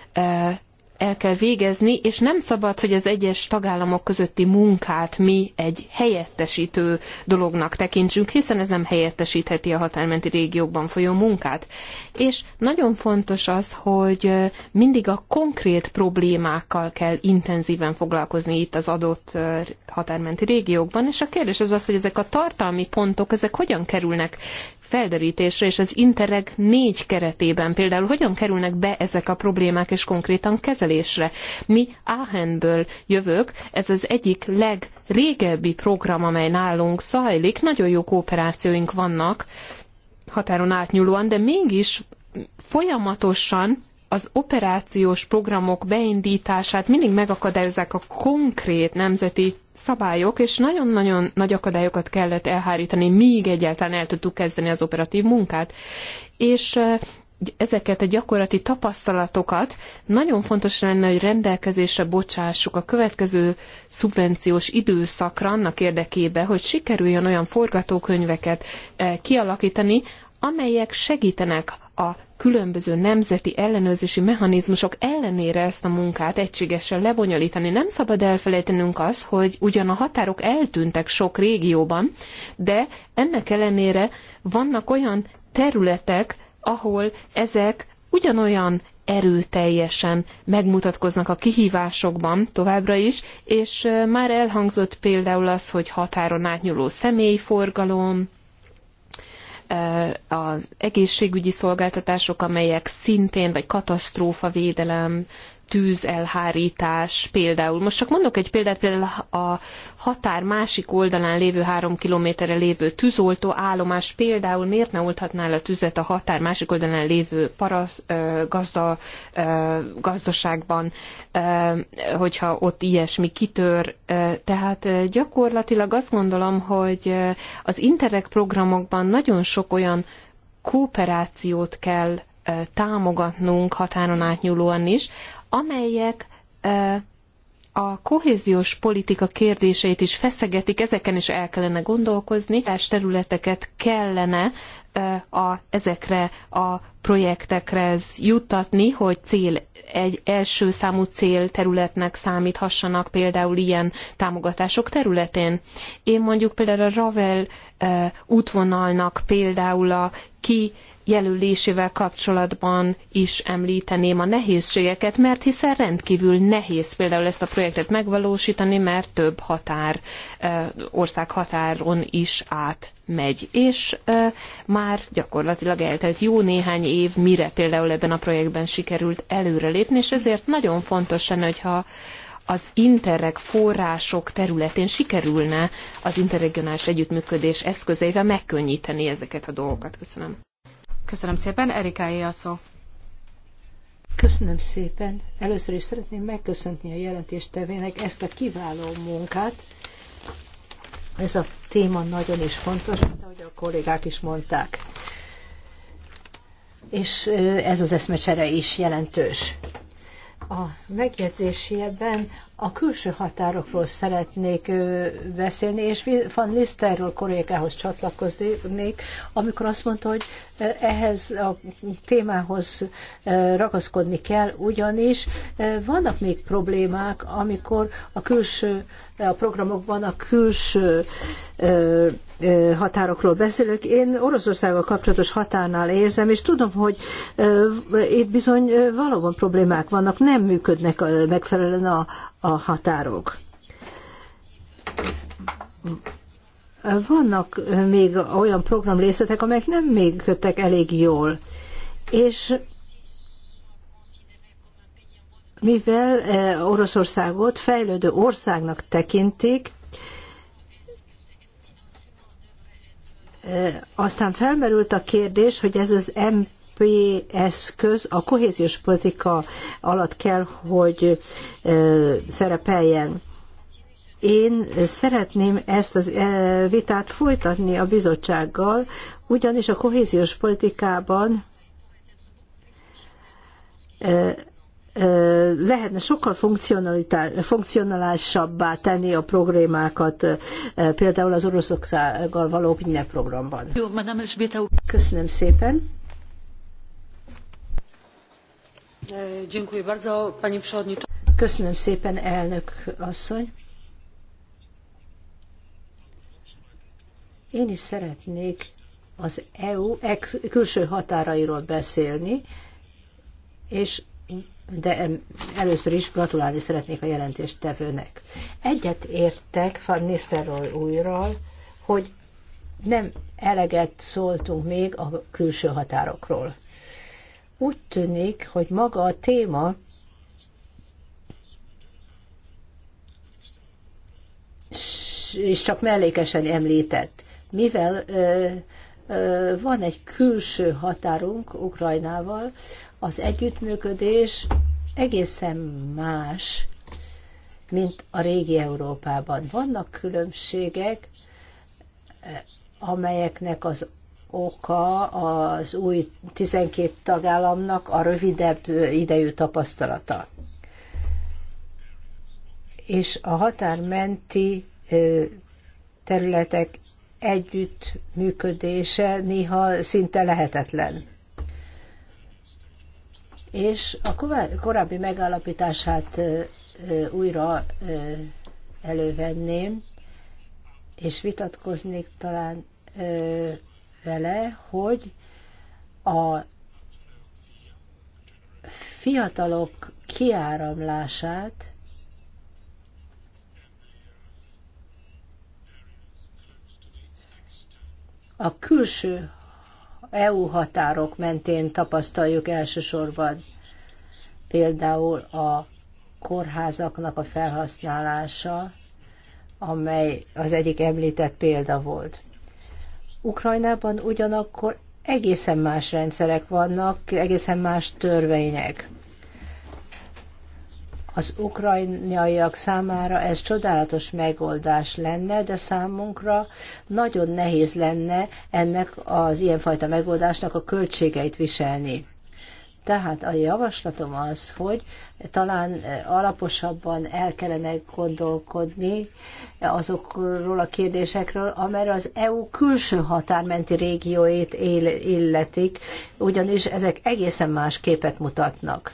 el kell végezni, és nem szabad, hogy az egyes tagállamok közötti munkát mi egy helyettesítő dolognak tekintsünk, hiszen ez nem helyettesítheti a határmenti régiókban folyó munkát. És nagyon fontos az, hogy mindig a konkrét problémákkal kell intenzíven foglalkozni itt az adott határmenti régiókban, és a kérdés az az, hogy ezek a tartalmi pontok, ezek hogyan kerülnek felderítésre, és az Interreg négy keretében például hogyan kerülnek be ezek a problémák és konkrétan kezelésre. Mi Áhenből jövök, ez az egyik legrégebbi program, amely nálunk zajlik, nagyon jó kooperációink vannak határon átnyúlóan, de mégis folyamatosan az operációs programok beindítását mindig megakadályozzák a konkrét nemzeti szabályok, és nagyon-nagyon nagy akadályokat kellett elhárítani, míg egyáltalán el tudtuk kezdeni az operatív munkát. És ezeket a gyakorlati tapasztalatokat nagyon fontos lenne, hogy rendelkezésre bocsássuk a következő szubvenciós időszakra annak érdekébe, hogy sikerüljön olyan forgatókönyveket kialakítani, amelyek segítenek a különböző nemzeti ellenőrzési mechanizmusok ellenére ezt a munkát egységesen lebonyolítani. Nem szabad elfelejtenünk az, hogy ugyan a határok eltűntek sok régióban, de ennek ellenére vannak olyan területek, ahol ezek ugyanolyan erőteljesen megmutatkoznak a kihívásokban továbbra is, és már elhangzott például az, hogy határon átnyúló személyforgalom, az egészségügyi szolgáltatások, amelyek szintén, vagy katasztrófa védelem, tűzelhárítás például. Most csak mondok egy példát, például a határ másik oldalán lévő három kilométerre lévő tűzoltó állomás például miért ne oldhatná a tüzet a határ másik oldalán lévő parasz, gazda, gazdaságban, hogyha ott ilyesmi kitör. Tehát gyakorlatilag azt gondolom, hogy az Interreg programokban nagyon sok olyan kooperációt kell támogatnunk határon átnyúlóan is, amelyek a kohéziós politika kérdéseit is feszegetik, ezeken is el kellene gondolkozni, más területeket kellene a, ezekre a projektekre juttatni, hogy cél egy első számú cél területnek számíthassanak például ilyen támogatások területén. Én mondjuk például a Ravel útvonalnak például a ki jelölésével kapcsolatban is említeném a nehézségeket, mert hiszen rendkívül nehéz például ezt a projektet megvalósítani, mert több határ, ország határon is át megy, és e, már gyakorlatilag eltelt jó néhány év, mire például ebben a projektben sikerült előrelépni, és ezért nagyon fontos lenne, hogyha az interreg források területén sikerülne az interregionális együttműködés eszközeivel megkönnyíteni ezeket a dolgokat. Köszönöm. Köszönöm szépen, Erika a szó. Köszönöm szépen. Először is szeretném megköszönni a jelentéstevének ezt a kiváló munkát. Ez a téma nagyon is fontos, ahogy a kollégák is mondták. És ez az eszmecsere is jelentős. A megjegyzésében a külső határokról szeretnék beszélni, és Van Listerről korékához csatlakoznék, amikor azt mondta, hogy ehhez a témához ragaszkodni kell, ugyanis vannak még problémák, amikor a külső a programokban a külső határokról beszélök. Én Oroszországgal kapcsolatos határnál érzem, és tudom, hogy itt bizony valóban problémák vannak, nem működnek megfelelően a, a határok. Vannak még olyan programrészletek, amelyek nem működtek elég jól, és mivel eh, Oroszországot fejlődő országnak tekintik, eh, aztán felmerült a kérdés, hogy ez az eszköz a kohéziós politika alatt kell, hogy szerepeljen. Én szeretném ezt a vitát folytatni a bizottsággal, ugyanis a kohéziós politikában lehetne sokkal funkcionálisabbá tenni a problémákat, például az oroszoksággal való programban. Köszönöm szépen. Köszönöm szépen, elnök asszony. Én is szeretnék az EU külső határairól beszélni, és de először is gratulálni szeretnék a jelentéstevőnek. Egyet értek Van Nistelrooy újral, hogy nem eleget szóltunk még a külső határokról úgy tűnik, hogy maga a téma és csak mellékesen említett, mivel ö, ö, van egy külső határunk Ukrajnával, az együttműködés egészen más, mint a régi Európában. Vannak különbségek, amelyeknek az oka az új 12 tagállamnak a rövidebb idejű tapasztalata. És a határmenti területek együttműködése néha szinte lehetetlen. És a korábbi megállapítását újra elővenném, és vitatkoznék talán vele, hogy a fiatalok kiáramlását a külső EU határok mentén tapasztaljuk elsősorban. Például a kórházaknak a felhasználása, amely az egyik említett példa volt. Ukrajnában ugyanakkor egészen más rendszerek vannak, egészen más törvények. Az ukrajnaiak számára ez csodálatos megoldás lenne, de számunkra nagyon nehéz lenne ennek az ilyenfajta megoldásnak a költségeit viselni. Tehát a javaslatom az, hogy talán alaposabban el kellene gondolkodni azokról a kérdésekről, amely az EU külső határmenti régióit illetik, ugyanis ezek egészen más képet mutatnak.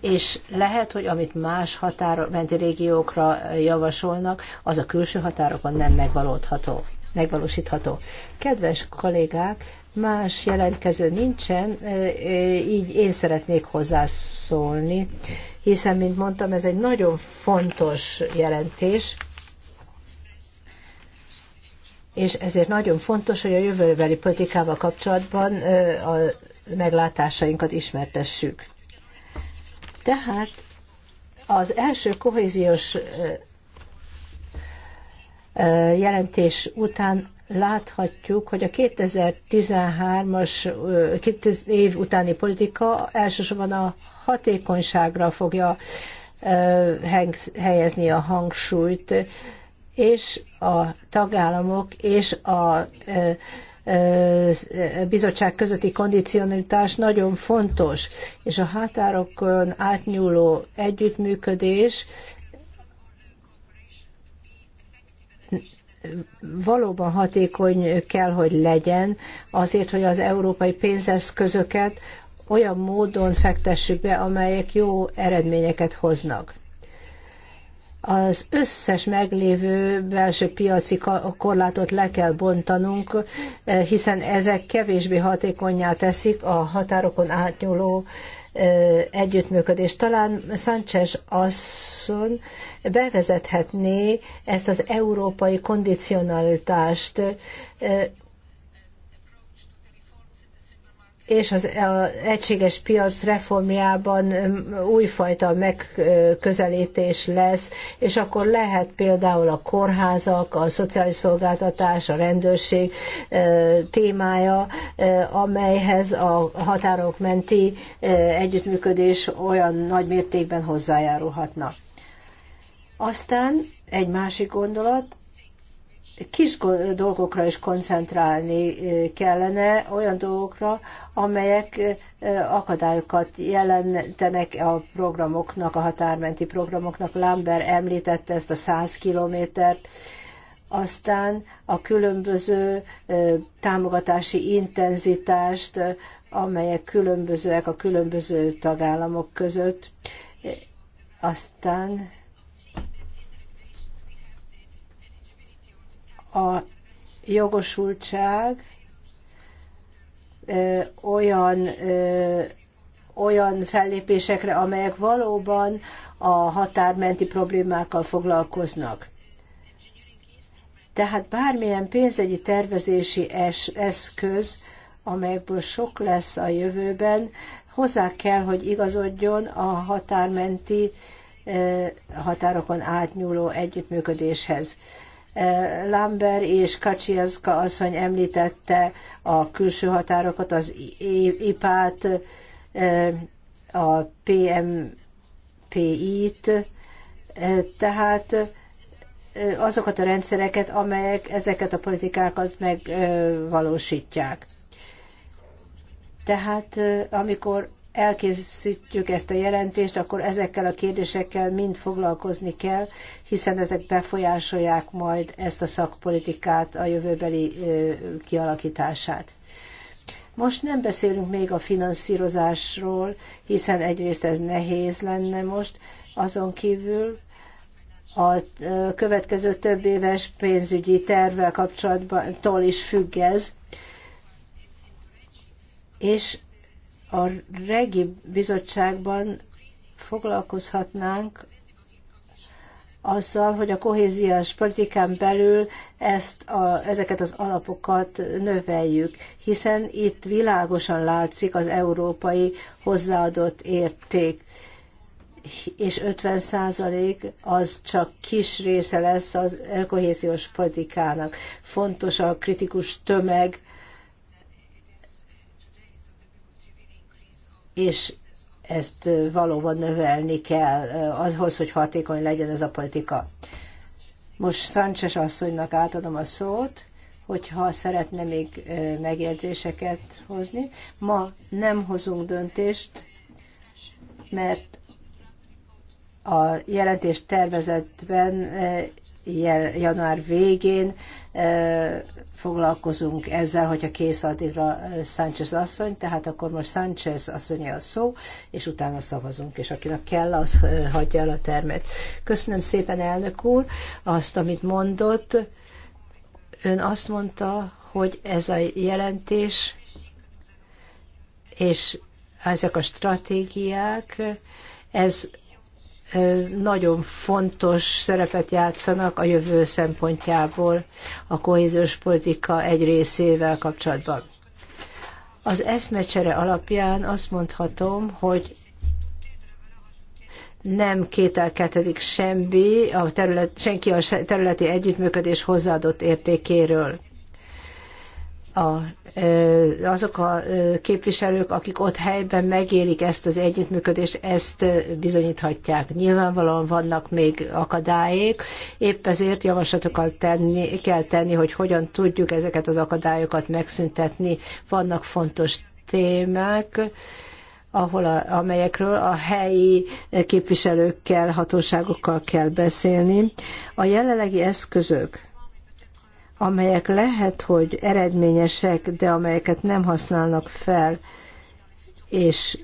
És lehet, hogy amit más határmenti régiókra javasolnak, az a külső határokon nem megvalódható megvalósítható. Kedves kollégák, más jelentkező nincsen, e, e, így én szeretnék hozzászólni, hiszen, mint mondtam, ez egy nagyon fontos jelentés, és ezért nagyon fontos, hogy a jövőbeli politikával kapcsolatban e, a meglátásainkat ismertessük. Tehát az első kohéziós jelentés után láthatjuk, hogy a 2013-as év utáni politika elsősorban a hatékonyságra fogja helyezni a hangsúlyt, és a tagállamok és a bizottság közötti kondicionalitás nagyon fontos, és a határokon átnyúló együttműködés valóban hatékony kell, hogy legyen azért, hogy az európai pénzeszközöket olyan módon fektessük be, amelyek jó eredményeket hoznak. Az összes meglévő belső piaci korlátot le kell bontanunk, eh, hiszen ezek kevésbé hatékonyá teszik a határokon átnyúló együttműködés. Talán Sánchez asszony bevezethetné ezt az európai kondicionalitást és az egységes piac reformjában újfajta megközelítés lesz, és akkor lehet például a kórházak, a szociális szolgáltatás, a rendőrség témája, amelyhez a határok menti együttműködés olyan nagy mértékben hozzájárulhatna. Aztán egy másik gondolat, kis dolgokra is koncentrálni kellene, olyan dolgokra, amelyek akadályokat jelentenek a programoknak, a határmenti programoknak. Lambert említette ezt a 100 kilométert, aztán a különböző támogatási intenzitást, amelyek különbözőek a különböző tagállamok között, aztán a jogosultság olyan, olyan fellépésekre, amelyek valóban a határmenti problémákkal foglalkoznak. Tehát bármilyen pénzegyi tervezési eszköz, amelyekből sok lesz a jövőben, hozzá kell, hogy igazodjon a határmenti határokon átnyúló együttműködéshez. Lambert és Kacsiaszka asszony említette a külső határokat, az IPÁT, a PMPI-t, eh, eh, tehát eh, azokat a rendszereket, amelyek ezeket a politikákat megvalósítják. Tehát amikor elkészítjük ezt a jelentést, akkor ezekkel a kérdésekkel mind foglalkozni kell, hiszen ezek befolyásolják majd ezt a szakpolitikát, a jövőbeli kialakítását. Most nem beszélünk még a finanszírozásról, hiszen egyrészt ez nehéz lenne most, azon kívül a következő több éves pénzügyi tervvel kapcsolatban is függ ez, és a regi bizottságban foglalkozhatnánk azzal, hogy a kohéziós politikán belül ezt a, ezeket az alapokat növeljük, hiszen itt világosan látszik az európai hozzáadott érték, és 50 százalék az csak kis része lesz a kohéziós politikának. Fontos a kritikus tömeg és ezt valóban növelni kell ahhoz, hogy hatékony legyen ez a politika. Most Sánchez asszonynak átadom a szót, hogyha szeretne még megjegyzéseket hozni. Ma nem hozunk döntést, mert a jelentés tervezetben január végén foglalkozunk ezzel, hogyha kész addigra Sánchez asszony, tehát akkor most Sánchez asszony a szó, és utána szavazunk, és akinek kell, az hagyja el a termet. Köszönöm szépen, elnök úr, azt, amit mondott. Ön azt mondta, hogy ez a jelentés és ezek a stratégiák, ez nagyon fontos szerepet játszanak a jövő szempontjából a kohéziós politika egy részével kapcsolatban. Az eszmecsere alapján azt mondhatom, hogy nem kételkedik semmi a terület, senki a területi együttműködés hozzáadott értékéről a, azok a képviselők, akik ott helyben megérik ezt az együttműködést, ezt bizonyíthatják. Nyilvánvalóan vannak még akadályék, épp ezért javaslatokat tenni, kell tenni, hogy hogyan tudjuk ezeket az akadályokat megszüntetni. Vannak fontos témák, ahol a, amelyekről a helyi képviselőkkel, hatóságokkal kell beszélni. A jelenlegi eszközök, amelyek lehet, hogy eredményesek, de amelyeket nem használnak fel, és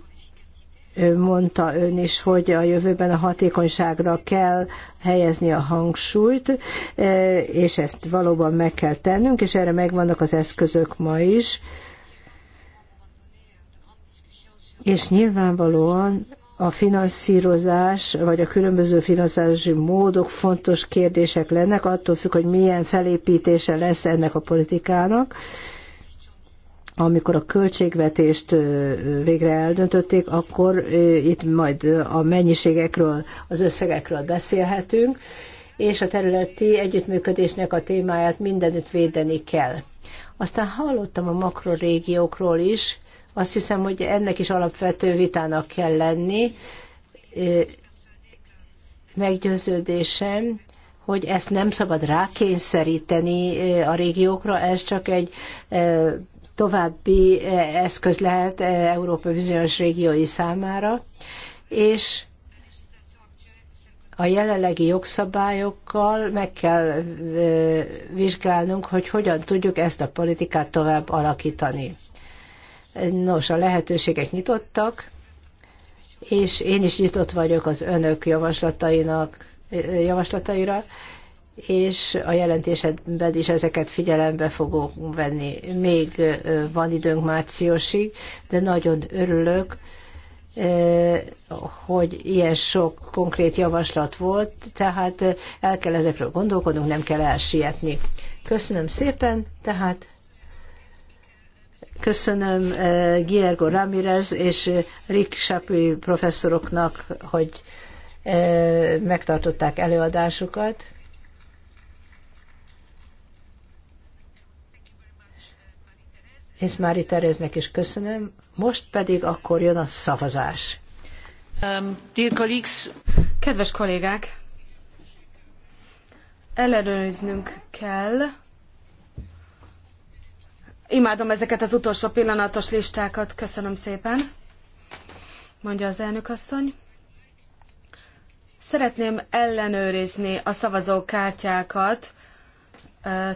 mondta ön is, hogy a jövőben a hatékonyságra kell helyezni a hangsúlyt, és ezt valóban meg kell tennünk, és erre megvannak az eszközök ma is. És nyilvánvalóan a finanszírozás, vagy a különböző finanszírozási módok fontos kérdések lennek, attól függ, hogy milyen felépítése lesz ennek a politikának. Amikor a költségvetést végre eldöntötték, akkor itt majd a mennyiségekről, az összegekről beszélhetünk, és a területi együttműködésnek a témáját mindenütt védeni kell. Aztán hallottam a makrorégiókról is, azt hiszem, hogy ennek is alapvető vitának kell lenni. Meggyőződésem, hogy ezt nem szabad rákényszeríteni a régiókra, ez csak egy további eszköz lehet Európa bizonyos régiói számára, és a jelenlegi jogszabályokkal meg kell vizsgálnunk, hogy hogyan tudjuk ezt a politikát tovább alakítani. Nos, a lehetőségek nyitottak, és én is nyitott vagyok az önök javaslatainak, javaslataira, és a jelentésedben is ezeket figyelembe fogok venni. Még van időnk márciusig, de nagyon örülök, hogy ilyen sok konkrét javaslat volt, tehát el kell ezekről gondolkodnunk, nem kell elsietni. Köszönöm szépen, tehát Köszönöm eh, Giergo Ramirez és Rick Sapi professzoroknak, hogy eh, megtartották előadásukat. És Mári Teréznek is köszönöm. Most pedig akkor jön a szavazás. Um, dear colleagues. Kedves kollégák, ellenőriznünk kell, Imádom ezeket az utolsó pillanatos listákat. Köszönöm szépen, mondja az elnök asszony. Szeretném ellenőrizni a szavazókártyákat.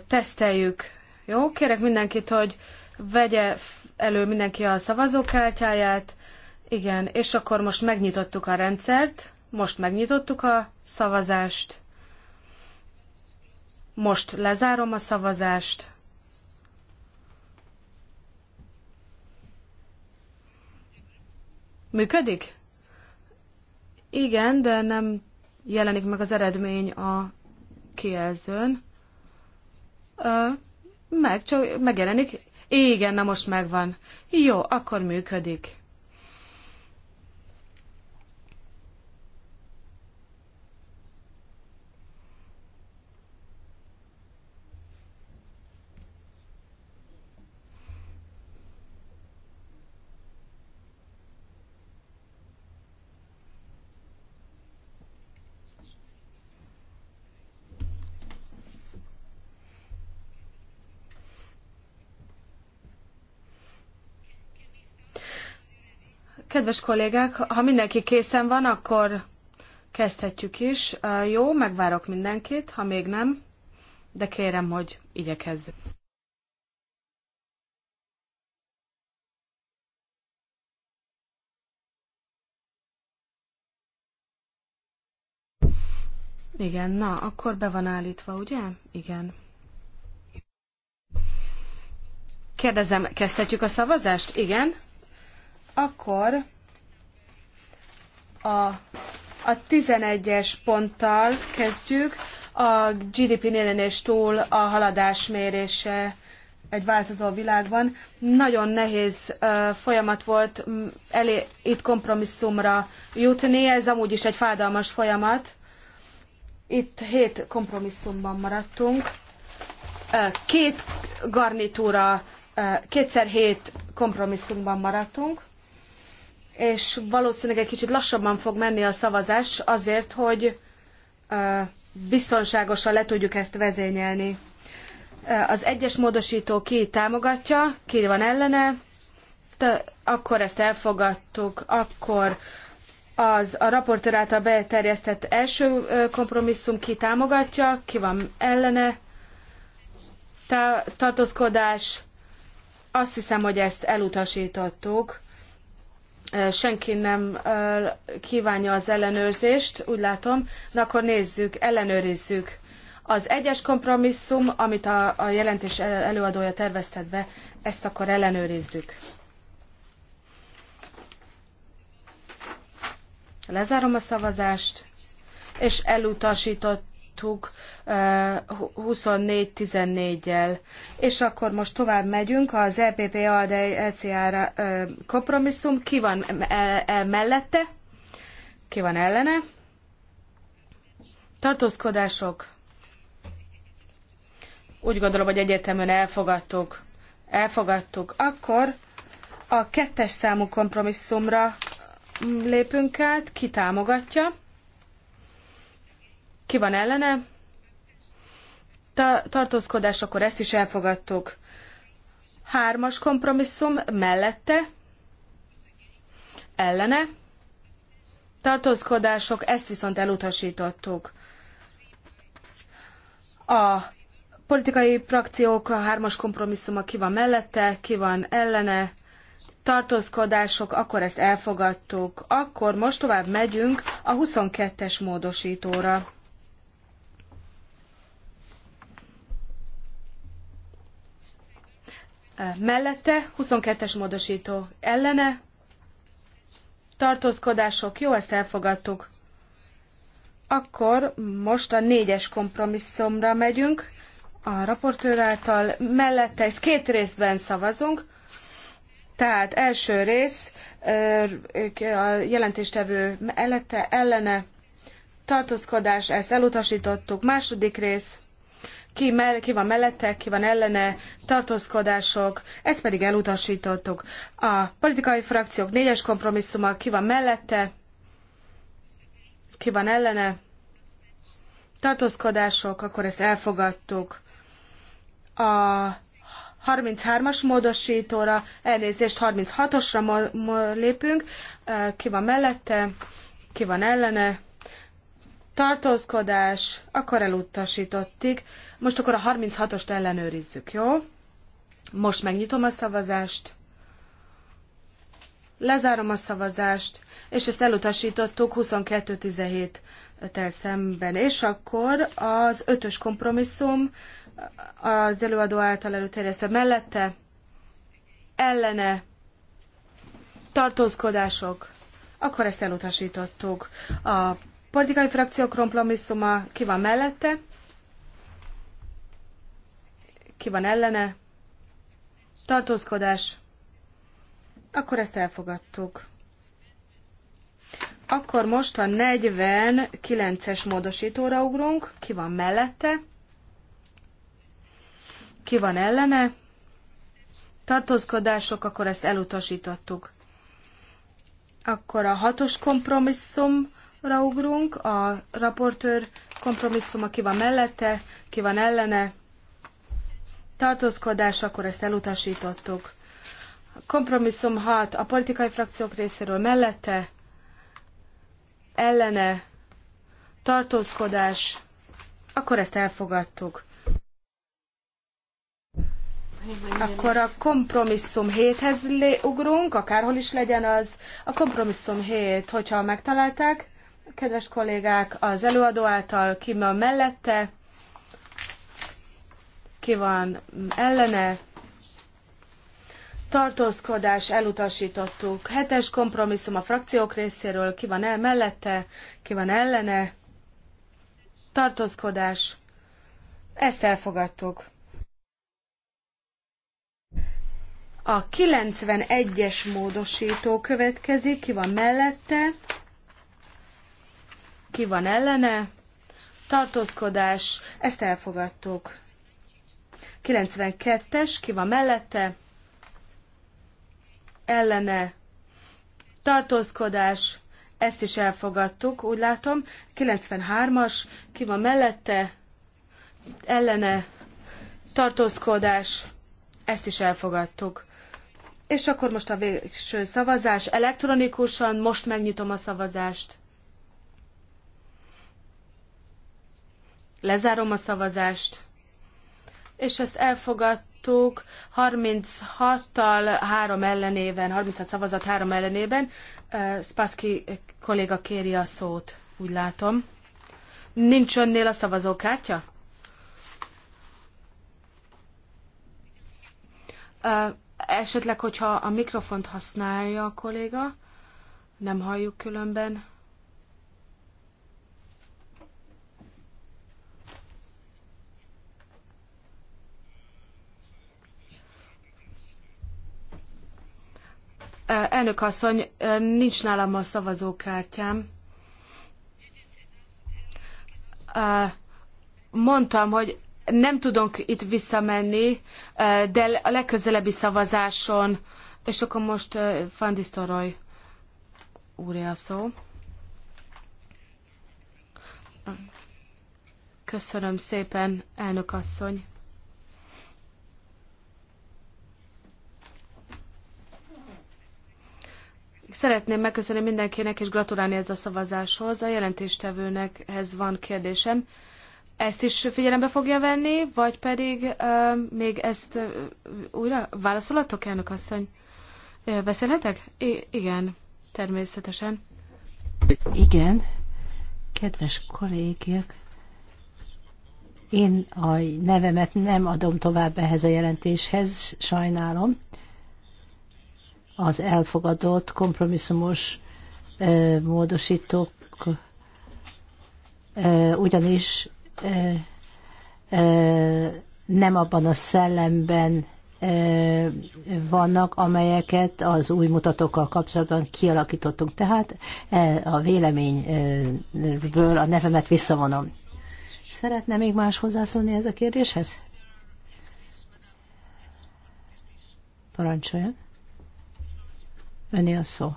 Teszteljük. Jó, kérek mindenkit, hogy vegye elő mindenki a szavazókártyáját. Igen, és akkor most megnyitottuk a rendszert, most megnyitottuk a szavazást. Most lezárom a szavazást. Működik? Igen, de nem jelenik meg az eredmény a kijelzőn. Ö, meg, csak megjelenik. Igen, na most megvan. Jó, akkor működik. Kedves kollégák, ha mindenki készen van, akkor kezdhetjük is. Jó, megvárok mindenkit, ha még nem, de kérem, hogy igyekezz. Igen, na, akkor be van állítva, ugye? Igen. Kérdezem, kezdhetjük a szavazást? Igen? akkor a, a 11-es ponttal kezdjük, a GDP nélenés túl a haladás mérése egy változó világban. Nagyon nehéz uh, folyamat volt elé, itt kompromisszumra jutni, ez amúgy is egy fájdalmas folyamat. Itt hét kompromisszumban maradtunk. Uh, két garnitúra, uh, kétszer hét kompromisszumban maradtunk és valószínűleg egy kicsit lassabban fog menni a szavazás azért, hogy biztonságosan le tudjuk ezt vezényelni. Az egyes módosító ki támogatja, ki van ellene, akkor ezt elfogadtuk, akkor az a raportőr által beterjesztett első kompromisszum ki támogatja, ki van ellene, tartózkodás, azt hiszem, hogy ezt elutasítottuk senki nem kívánja az ellenőrzést, úgy látom, na akkor nézzük, ellenőrizzük. Az egyes kompromisszum, amit a, a jelentés előadója terveztet be, ezt akkor ellenőrizzük. Lezárom a szavazást, és elutasított elfogadtuk 24-14-el. Eh, És akkor most tovább megyünk az EPP ALDE ECR eh, kompromisszum. Ki van e, e mellette? Ki van ellene? Tartózkodások. Úgy gondolom, hogy egyértelműen elfogadtuk. Elfogadtuk. Akkor a kettes számú kompromisszumra mm, lépünk át. Ki támogatja? Ki van ellene? Ta- tartózkodás, akkor ezt is elfogadtuk. Hármas kompromisszum mellette, ellene. Tartózkodások, ezt viszont elutasítottuk. A politikai frakciók, a hármas kompromisszuma ki van mellette, ki van ellene, tartózkodások, akkor ezt elfogadtuk. Akkor most tovább megyünk a 22-es módosítóra. mellette, 22-es módosító ellene, tartózkodások, jó, ezt elfogadtuk. Akkor most a négyes kompromisszumra megyünk, a raportőr által mellette, ezt két részben szavazunk, tehát első rész, a jelentéstevő mellette, ellene, tartózkodás, ezt elutasítottuk. Második rész, ki, mell- ki van mellette, ki van ellene, tartózkodások, ezt pedig elutasítottuk. A politikai frakciók négyes kompromisszuma, ki van mellette, ki van ellene, tartózkodások, akkor ezt elfogadtuk. A 33-as módosítóra, elnézést 36-osra lépünk, ki van mellette, ki van ellene, tartózkodás, akkor elutasítottik. Most akkor a 36-ost ellenőrizzük, jó? Most megnyitom a szavazást, lezárom a szavazást, és ezt elutasítottuk 22-17 tel szemben. És akkor az ötös kompromisszum az előadó által előterjesztve mellette ellene tartózkodások, akkor ezt elutasítottuk. A politikai frakciók kompromisszuma ki van mellette, ki van ellene, tartózkodás, akkor ezt elfogadtuk. Akkor most a 49-es módosítóra ugrunk, ki van mellette, ki van ellene, tartózkodások, akkor ezt elutasítottuk. Akkor a hatos kompromisszumra ugrunk, a raportőr kompromisszuma ki van mellette, ki van ellene, tartózkodás, akkor ezt elutasítottuk. Kompromisszum hat a politikai frakciók részéről mellette, ellene, tartózkodás, akkor ezt elfogadtuk. Akkor a kompromisszum 7-hez ugrunk, akárhol is legyen az. A kompromisszum 7, hogyha megtalálták, kedves kollégák, az előadó által ki mellette, ki van ellene, tartózkodás, elutasítottuk. Hetes kompromisszum a frakciók részéről, ki van el mellette, ki van ellene, tartózkodás, ezt elfogadtuk. A 91-es módosító következik, ki van mellette, ki van ellene, tartózkodás, ezt elfogadtuk. 92-es, ki van mellette, ellene tartózkodás, ezt is elfogadtuk, úgy látom. 93-as, ki van mellette, ellene tartózkodás, ezt is elfogadtuk. És akkor most a végső szavazás elektronikusan, most megnyitom a szavazást. Lezárom a szavazást és ezt elfogadtuk 36-tal három ellenében, 36 szavazat három ellenében. Spassky kolléga kéri a szót, úgy látom. Nincs önnél a szavazókártya? Esetleg, hogyha a mikrofont használja a kolléga, nem halljuk különben. Elnök asszony, nincs nálam a szavazókártyám. Mondtam, hogy nem tudunk itt visszamenni, de a legközelebbi szavazáson, és akkor most Van Distelrooy úr a szó. Köszönöm szépen, elnök asszony. Szeretném megköszönni mindenkinek és gratulálni ez a szavazáshoz. A jelentéstevőnek ez van kérdésem. Ezt is figyelembe fogja venni, vagy pedig uh, még ezt uh, újra válaszolatok, elnök asszony? Uh, beszélhetek? I- igen, természetesen. Igen, kedves kollégiak, én a nevemet nem adom tovább ehhez a jelentéshez, sajnálom. Uh, az elfogadott kompromisszumos módosítók, ugyanis nem abban a szellemben vannak, amelyeket az új mutatókkal kapcsolatban kialakítottunk. Tehát a véleményből a nevemet visszavonom. Szeretne még más hozzászólni ez a kérdéshez? Parancsoljon. Öné a szó.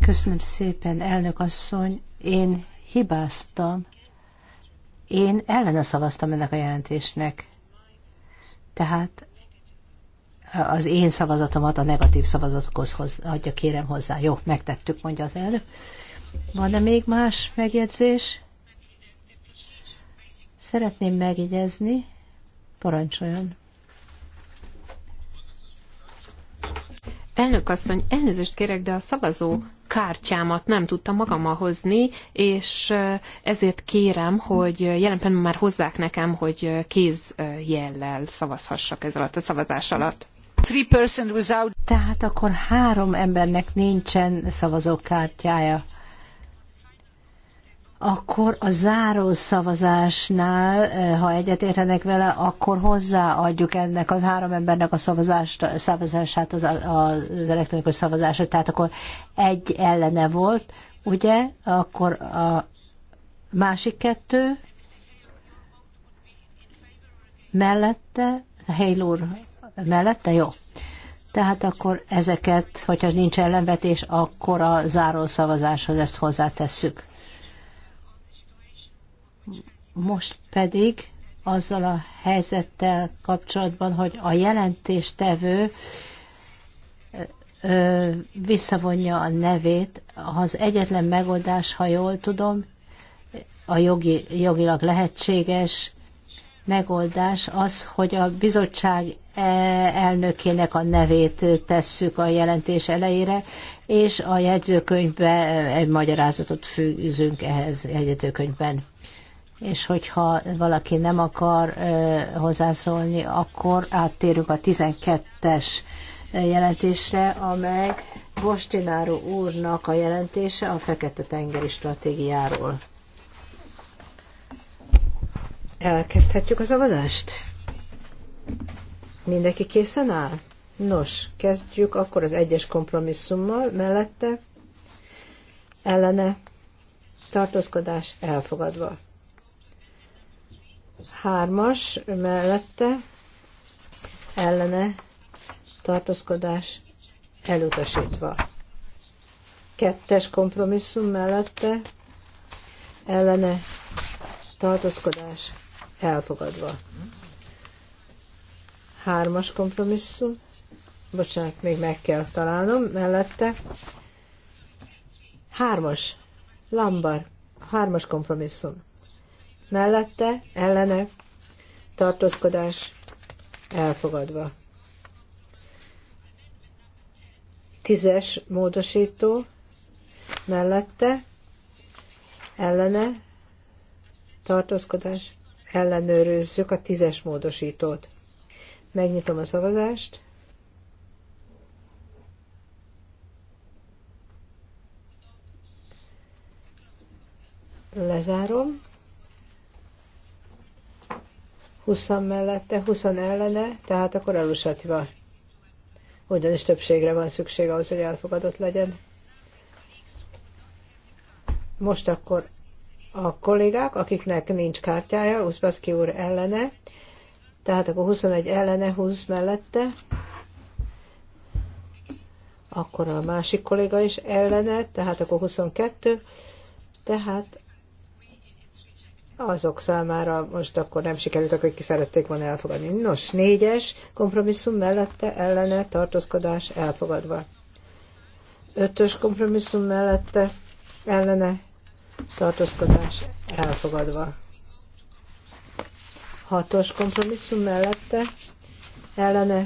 Köszönöm szépen, elnök asszony. Én hibáztam. Én ellene szavaztam ennek a jelentésnek. Tehát az én szavazatomat a negatív szavazatokhoz adja, kérem hozzá. Jó, megtettük, mondja az elnök. Van-e még más megjegyzés? Szeretném megjegyezni, Parancsoljon! Elnök asszony, elnézést kérek, de a szavazó kártyámat nem tudtam magammal hozni, és ezért kérem, hogy jelen pillanatban már hozzák nekem, hogy kézjellel szavazhassak ez alatt a szavazás alatt. Without... Tehát akkor három embernek nincsen szavazókártyája akkor a záró szavazásnál, eh, ha egyetértenek vele, akkor hozzáadjuk ennek az három embernek a szavazást, szavazását az, az elektronikus szavazásra. Tehát akkor egy ellene volt, ugye? Akkor a másik kettő mellette, Heil úr mellette, jó. Tehát akkor ezeket, hogyha nincs ellenvetés, akkor a záró szavazáshoz ezt hozzátesszük. Most pedig azzal a helyzettel kapcsolatban, hogy a jelentéstevő ö, visszavonja a nevét, az egyetlen megoldás, ha jól tudom, a jogi, jogilag lehetséges megoldás az, hogy a bizottság e, elnökének a nevét tesszük a jelentés elejére, és a jegyzőkönyvbe egy magyarázatot fűzünk ehhez a jegyzőkönyvben és hogyha valaki nem akar hozzászólni, akkor áttérünk a 12-es jelentésre, amely Bostináró úrnak a jelentése a Fekete-tengeri stratégiáról. Elkezdhetjük a szavazást? Mindenki készen áll? Nos, kezdjük akkor az egyes kompromisszummal mellette. Ellene tartózkodás elfogadva. Hármas mellette ellene tartózkodás elutasítva. Kettes kompromisszum mellette ellene tartózkodás elfogadva. Hármas kompromisszum, bocsánat, még meg kell találnom, mellette hármas, lambar, hármas kompromisszum mellette, ellene, tartózkodás elfogadva. Tízes módosító mellette, ellene, tartózkodás, ellenőrözzük a tízes módosítót. Megnyitom a szavazást. Lezárom. 20 mellette, 20 ellene, tehát akkor elusatva. Ugyanis többségre van szükség ahhoz, hogy elfogadott legyen. Most akkor a kollégák, akiknek nincs kártyája, Uszbaszki úr ellene, tehát akkor 21 ellene, 20 mellette, akkor a másik kolléga is ellene, tehát akkor 22, tehát azok számára most akkor nem sikerült, akik szerették volna elfogadni. Nos, négyes kompromisszum mellette ellene tartózkodás elfogadva. Ötös kompromisszum mellette ellene tartózkodás elfogadva. Hatos kompromisszum mellette ellene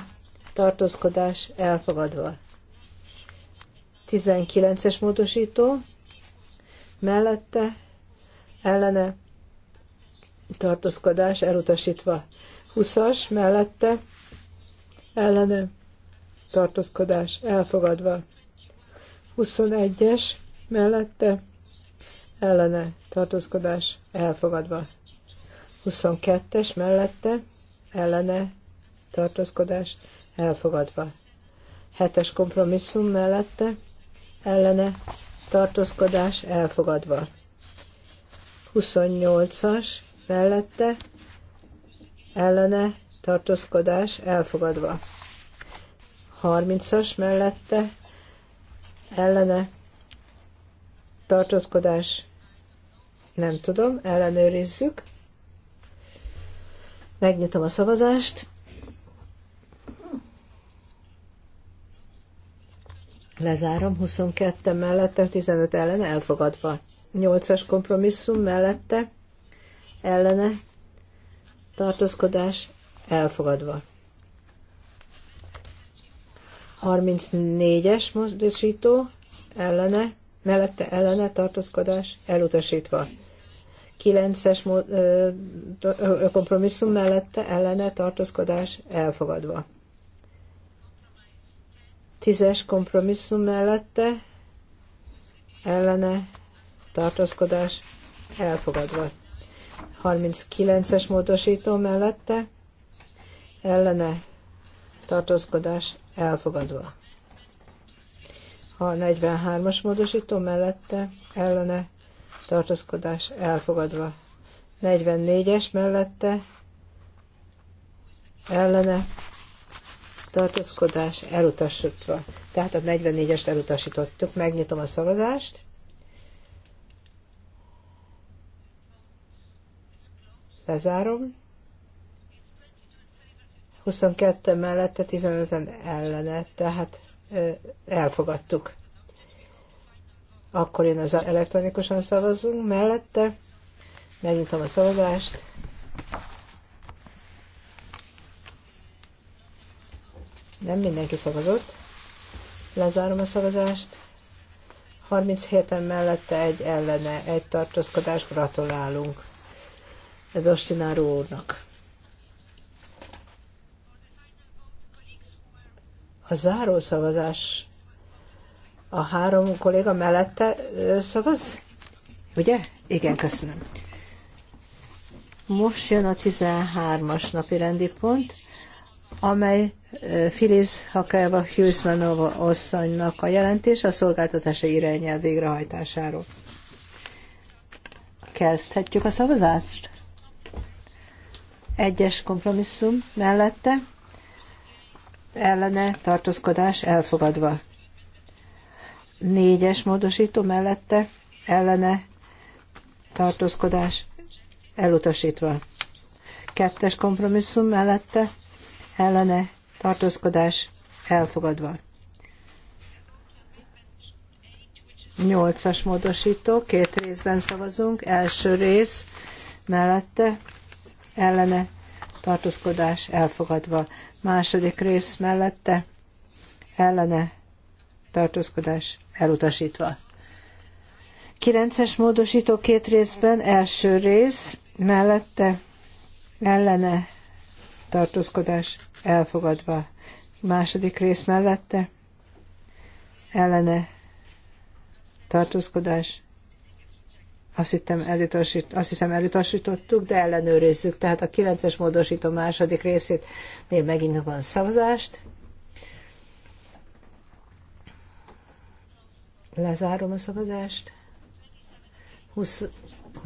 tartózkodás elfogadva. Tizenkilences módosító mellette ellene tartózkodás elutasítva. 20-as mellette ellene tartózkodás elfogadva. 21-es mellette ellene tartózkodás elfogadva. 22-es mellette ellene tartózkodás elfogadva. 7-es kompromisszum mellette ellene tartózkodás elfogadva. 28-as mellette ellene tartózkodás elfogadva. 30-as mellette ellene tartózkodás nem tudom, ellenőrizzük. Megnyitom a szavazást. Lezárom, 22 mellette, 15 ellen elfogadva. 8-as kompromisszum mellette ellene tartózkodás elfogadva. 34-es mozdosító ellene, mellette ellene tartózkodás elutasítva. 9-es kompromisszum mellette ellene tartózkodás elfogadva. 10-es kompromisszum mellette ellene tartózkodás elfogadva. 39-es módosító mellette ellene tartózkodás elfogadva. A 43-as módosító mellette ellene tartózkodás elfogadva. 44-es mellette ellene tartózkodás elutasítva. Tehát a 44-est elutasítottuk. Megnyitom a szavazást. lezárom. 22 mellette, 15-en ellene, tehát elfogadtuk. Akkor én az elektronikusan szavazunk mellette. Megnyitom a szavazást. Nem mindenki szavazott. Lezárom a szavazást. 37-en mellette egy ellene, egy tartózkodás. Gratulálunk. Bostináró úrnak. A záró szavazás a három kolléga mellette szavaz? Ugye? Igen, köszönöm. Most jön a 13-as napi rendi pont, amely Filiz Hakeva Hűzmanova asszonynak a jelentés a szolgáltatási irányel végrehajtásáról. Kezdhetjük a szavazást? Egyes kompromisszum mellette ellene tartózkodás elfogadva. Négyes módosító mellette ellene tartózkodás elutasítva. Kettes kompromisszum mellette ellene tartózkodás elfogadva. Nyolcas módosító, két részben szavazunk, első rész mellette ellene tartózkodás elfogadva. Második rész mellette ellene tartózkodás elutasítva. Kilences módosító két részben, első rész mellette ellene tartózkodás elfogadva. Második rész mellette ellene tartózkodás azt, hittem elutasít, azt hiszem elutasítottuk, de ellenőrizzük. Tehát a 9-es módosító második részét még megint van szavazást. Lezárom a szavazást. 20,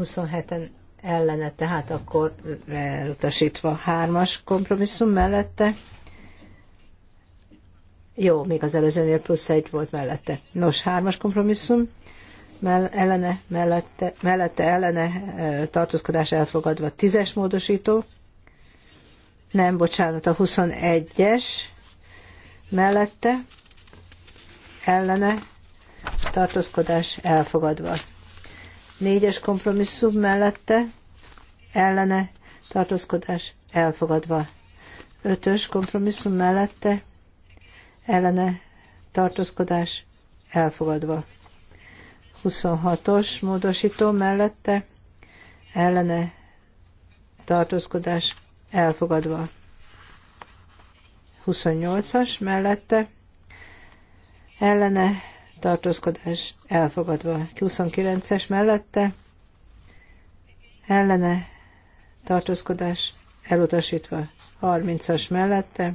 27-en ellene, tehát akkor elutasítva hármas kompromisszum mellette. Jó, még az előzőnél plusz egy volt mellette. Nos, hármas kompromisszum mell ellene, mellette, mellette ellene tartózkodás elfogadva. Tízes módosító, nem, bocsánat, a 21-es mellette ellene tartózkodás elfogadva. Négyes kompromisszum mellette ellene tartózkodás elfogadva. Ötös kompromisszum mellette ellene tartózkodás elfogadva. 26-os módosító mellette ellene tartózkodás elfogadva. 28-as mellette ellene tartózkodás elfogadva. 29-es mellette ellene tartózkodás elutasítva. 30-as mellette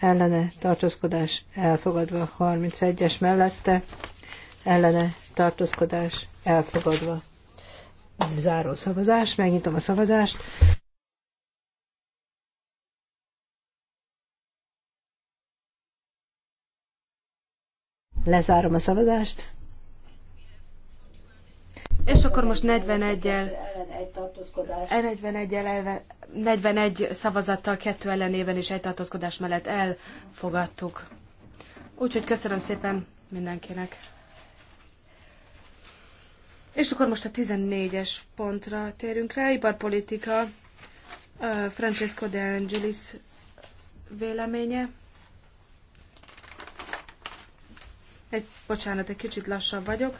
ellene tartózkodás elfogadva. 31-es mellette ellene tartózkodás elfogadva. Záró szavazás, megnyitom a szavazást. Lezárom a szavazást. És akkor most 41-el, 41-el, 41 szavazattal, kettő ellenében és egy tartózkodás mellett elfogadtuk. Úgyhogy köszönöm szépen mindenkinek. És akkor most a 14-es pontra térünk rá, iparpolitika, Francesco de Angelis véleménye. Egy, bocsánat, egy kicsit lassabb vagyok.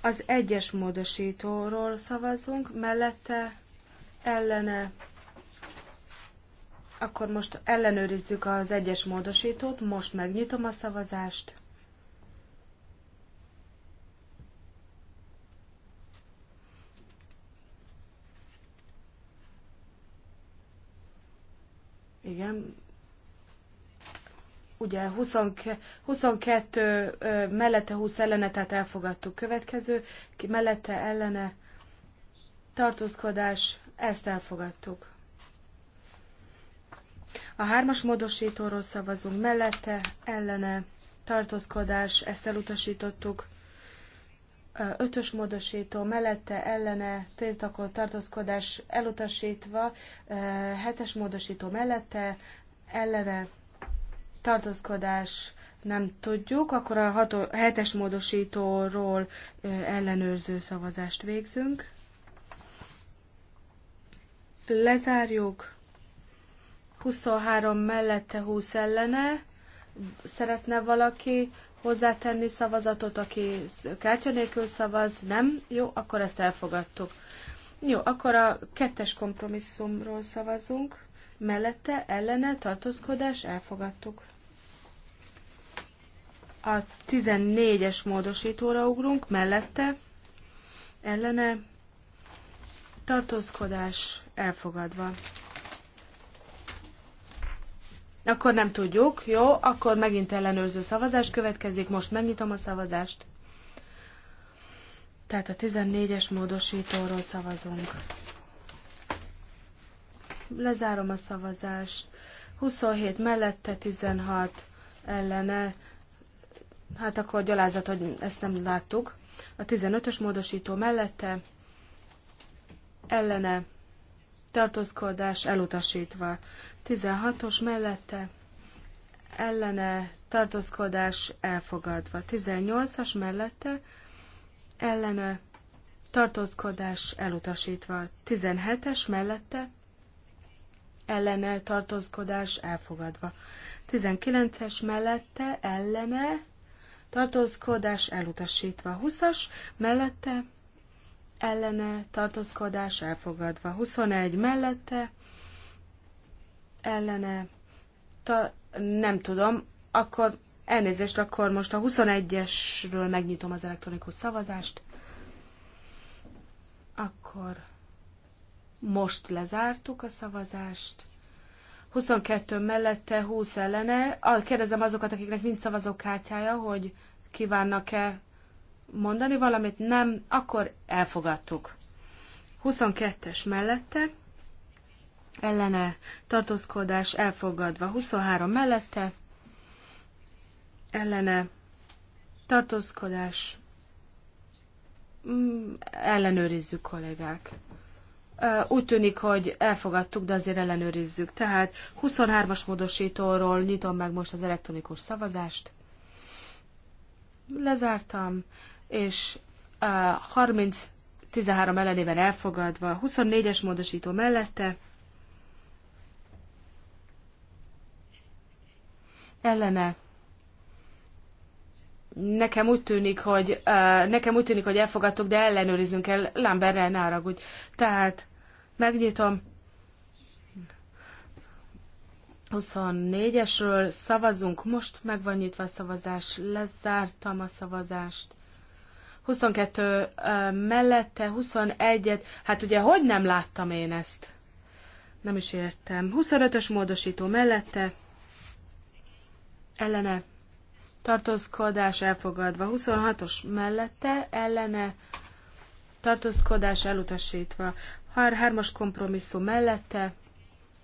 Az egyes módosítóról szavazunk, mellette ellene, akkor most ellenőrizzük az egyes módosítót, most megnyitom a szavazást. ugye 22, 22 mellette 20 ellene, tehát elfogadtuk. Következő, mellette ellene tartózkodás, ezt elfogadtuk. A hármas módosítóról szavazunk mellette, ellene tartózkodás, ezt elutasítottuk. Ötös módosító mellette, ellene tiltakol tartózkodás elutasítva, hetes módosító mellette, ellene tartózkodás nem tudjuk, akkor a ható, hetes módosítóról ellenőrző szavazást végzünk. Lezárjuk. 23 mellette 20 ellene. Szeretne valaki hozzátenni szavazatot, aki kártya nélkül szavaz? Nem? Jó, akkor ezt elfogadtuk. Jó, akkor a kettes kompromisszumról szavazunk mellette ellene tartózkodás elfogadtuk. A 14-es módosítóra ugrunk, mellette ellene tartózkodás elfogadva. Akkor nem tudjuk, jó, akkor megint ellenőrző szavazás következik, most megnyitom a szavazást. Tehát a 14-es módosítóról szavazunk. Lezárom a szavazást. 27 mellette, 16 ellene. Hát akkor gyalázat, hogy ezt nem láttuk. A 15-ös módosító mellette, ellene, tartózkodás elutasítva. 16-os mellette, ellene, tartózkodás elfogadva. 18-as mellette, ellene, tartózkodás elutasítva. 17-es mellette, ellene tartózkodás elfogadva. 19-es mellette ellene tartózkodás elutasítva. 20-as mellette ellene tartózkodás elfogadva. 21 mellette ellene ta, nem tudom, akkor elnézést, akkor most a 21-esről megnyitom az elektronikus szavazást. Akkor most lezártuk a szavazást. 22 mellette, 20 ellene. Kérdezem azokat, akiknek nincs szavazókártyája, hogy kívánnak-e mondani valamit. Nem, akkor elfogadtuk. 22-es mellette, ellene tartózkodás elfogadva. 23 mellette, ellene tartózkodás mm, ellenőrizzük kollégák. Úgy tűnik, hogy elfogadtuk, de azért ellenőrizzük. Tehát 23-as módosítóról nyitom meg most az elektronikus szavazást. Lezártam, és 30 13 ellenében elfogadva, 24-es módosító mellette, ellene. Nekem úgy tűnik, hogy, uh, nekem úgy tűnik, hogy elfogadtuk, de ellenőriznünk kell, Lamberrel ne haragudj. Tehát Megnyitom. 24-esről szavazunk. Most meg van nyitva a szavazás. Lezártam a szavazást. 22 mellette, 21-et. Hát ugye, hogy nem láttam én ezt? Nem is értem. 25-ös módosító mellette. Ellene. Tartózkodás elfogadva. 26-os mellette. Ellene. Tartózkodás elutasítva. Hármas kompromisszum mellette,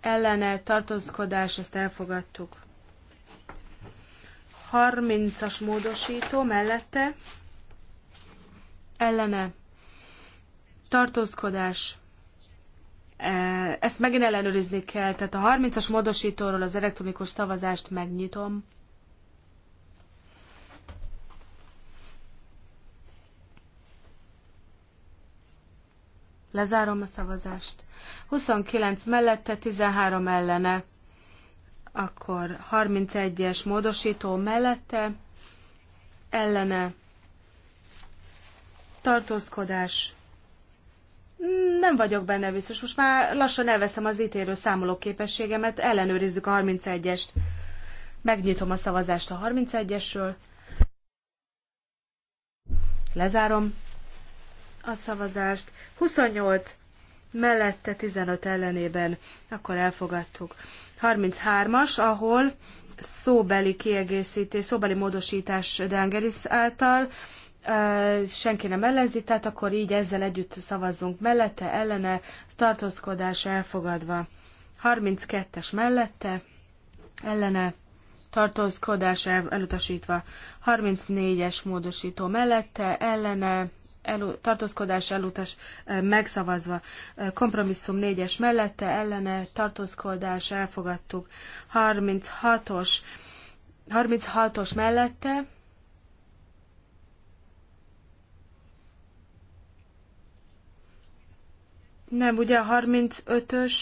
ellene tartózkodás, ezt elfogadtuk. 30-as módosító mellette, ellene tartózkodás, e, ezt megint ellenőrizni kell, tehát a 30-as módosítóról az elektronikus szavazást megnyitom. Lezárom a szavazást. 29 mellette, 13 ellene. Akkor 31-es módosító mellette, ellene. Tartózkodás. Nem vagyok benne biztos. Most már lassan elvesztem az ítélő számoló képességemet. Ellenőrizzük a 31-est. Megnyitom a szavazást a 31-esről. Lezárom a szavazást. 28 mellette 15 ellenében, akkor elfogadtuk. 33-as, ahol szóbeli kiegészítés, szóbeli módosítás Dangeris által, senki nem ellenzi, tehát akkor így ezzel együtt szavazzunk mellette, ellene, tartózkodás elfogadva. 32-es mellette, ellene, tartózkodás elutasítva. 34-es módosító mellette, ellene, elu, tartózkodás elutas megszavazva. Kompromisszum 4-es mellette ellene tartózkodás elfogadtuk. 36-os 36-os mellette Nem, ugye a 35-ös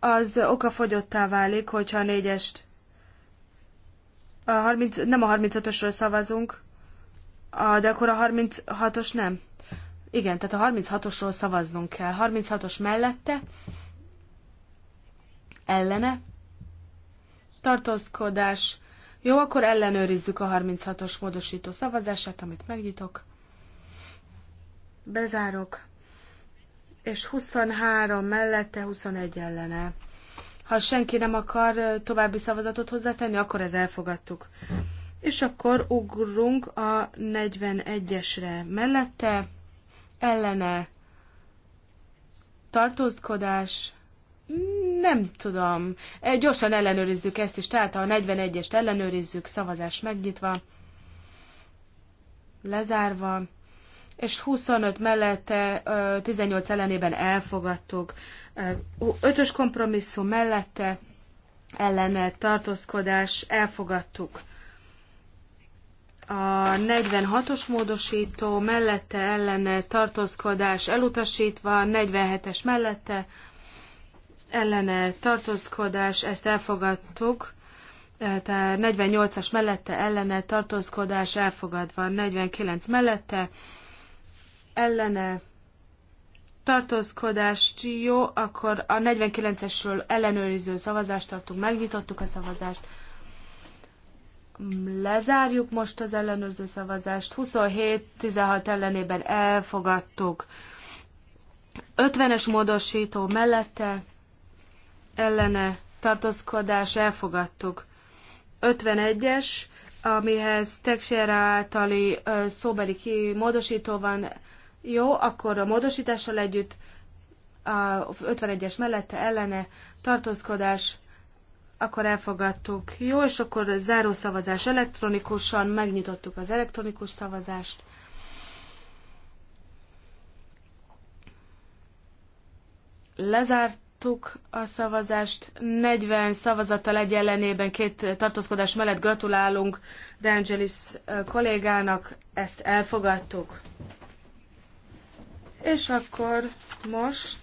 az okafogyottá válik, hogyha a négyest a 30, nem a 35-ösről szavazunk, a, de akkor a 36-os nem. Igen, tehát a 36-osról szavaznunk kell. 36-os mellette, ellene, tartózkodás. Jó, akkor ellenőrizzük a 36-os módosító szavazását, amit megnyitok. Bezárok. És 23 mellette, 21 ellene. Ha senki nem akar további szavazatot hozzátenni, akkor ez elfogadtuk. És akkor ugrunk a 41-esre mellette, ellene tartózkodás, nem tudom. Gyorsan ellenőrizzük ezt is, tehát a 41-est ellenőrizzük, szavazás megnyitva, lezárva, és 25 mellette, 18 ellenében elfogadtuk. Ötös kompromisszum mellette ellene tartózkodás elfogadtuk a 46-os módosító mellette ellene tartózkodás elutasítva, 47-es mellette ellene tartózkodás, ezt elfogadtuk, tehát 48-as mellette ellene tartózkodás elfogadva, 49 mellette ellene tartózkodás, jó, akkor a 49-esről ellenőriző szavazást tartunk, megnyitottuk a szavazást, Lezárjuk most az ellenőrző szavazást. 27-16 ellenében elfogadtuk. 50-es módosító mellette ellene tartózkodás elfogadtuk. 51-es, amihez Texera általi szóbeli ki módosító van, jó, akkor a módosítással együtt a 51-es mellette ellene tartózkodás akkor elfogadtuk. Jó, és akkor záró szavazás elektronikusan, megnyitottuk az elektronikus szavazást. Lezártuk a szavazást. 40 szavazattal egy ellenében két tartózkodás mellett gratulálunk De Angelis kollégának. Ezt elfogadtuk. És akkor most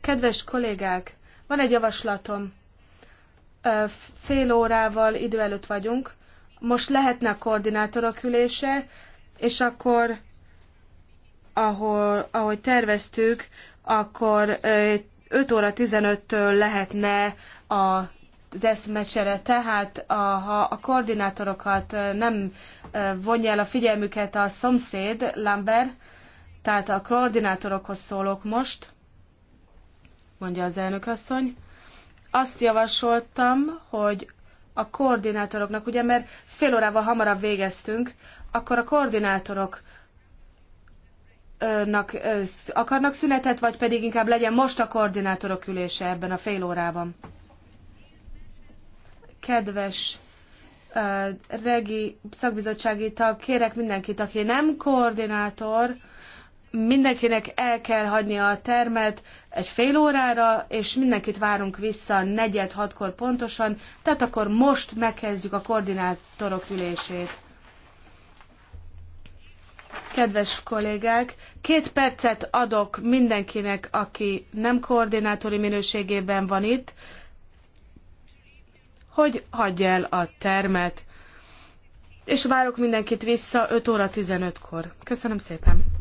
Kedves kollégák, van egy javaslatom. Fél órával idő előtt vagyunk. Most lehetne a koordinátorok ülése, és akkor, ahol, ahogy terveztük, akkor 5 óra 15-től lehetne a az eszmecsere, tehát a, ha a koordinátorokat nem vonja el a figyelmüket a szomszéd, Lambert, tehát a koordinátorokhoz szólok most, mondja az elnök asszony. Azt javasoltam, hogy a koordinátoroknak, ugye mert fél órával hamarabb végeztünk, akkor a koordinátorok nak akarnak szünetet, vagy pedig inkább legyen most a koordinátorok ülése ebben a fél órában. Kedves uh, regi szakbizottsági tag, kérek mindenkit, aki nem koordinátor, mindenkinek el kell hagynia a termet egy fél órára, és mindenkit várunk vissza negyed, hatkor pontosan, tehát akkor most megkezdjük a koordinátorok ülését. Kedves kollégák, két percet adok mindenkinek, aki nem koordinátori minőségében van itt, hogy hagyja el a termet. És várok mindenkit vissza 5 óra 15-kor. Köszönöm szépen!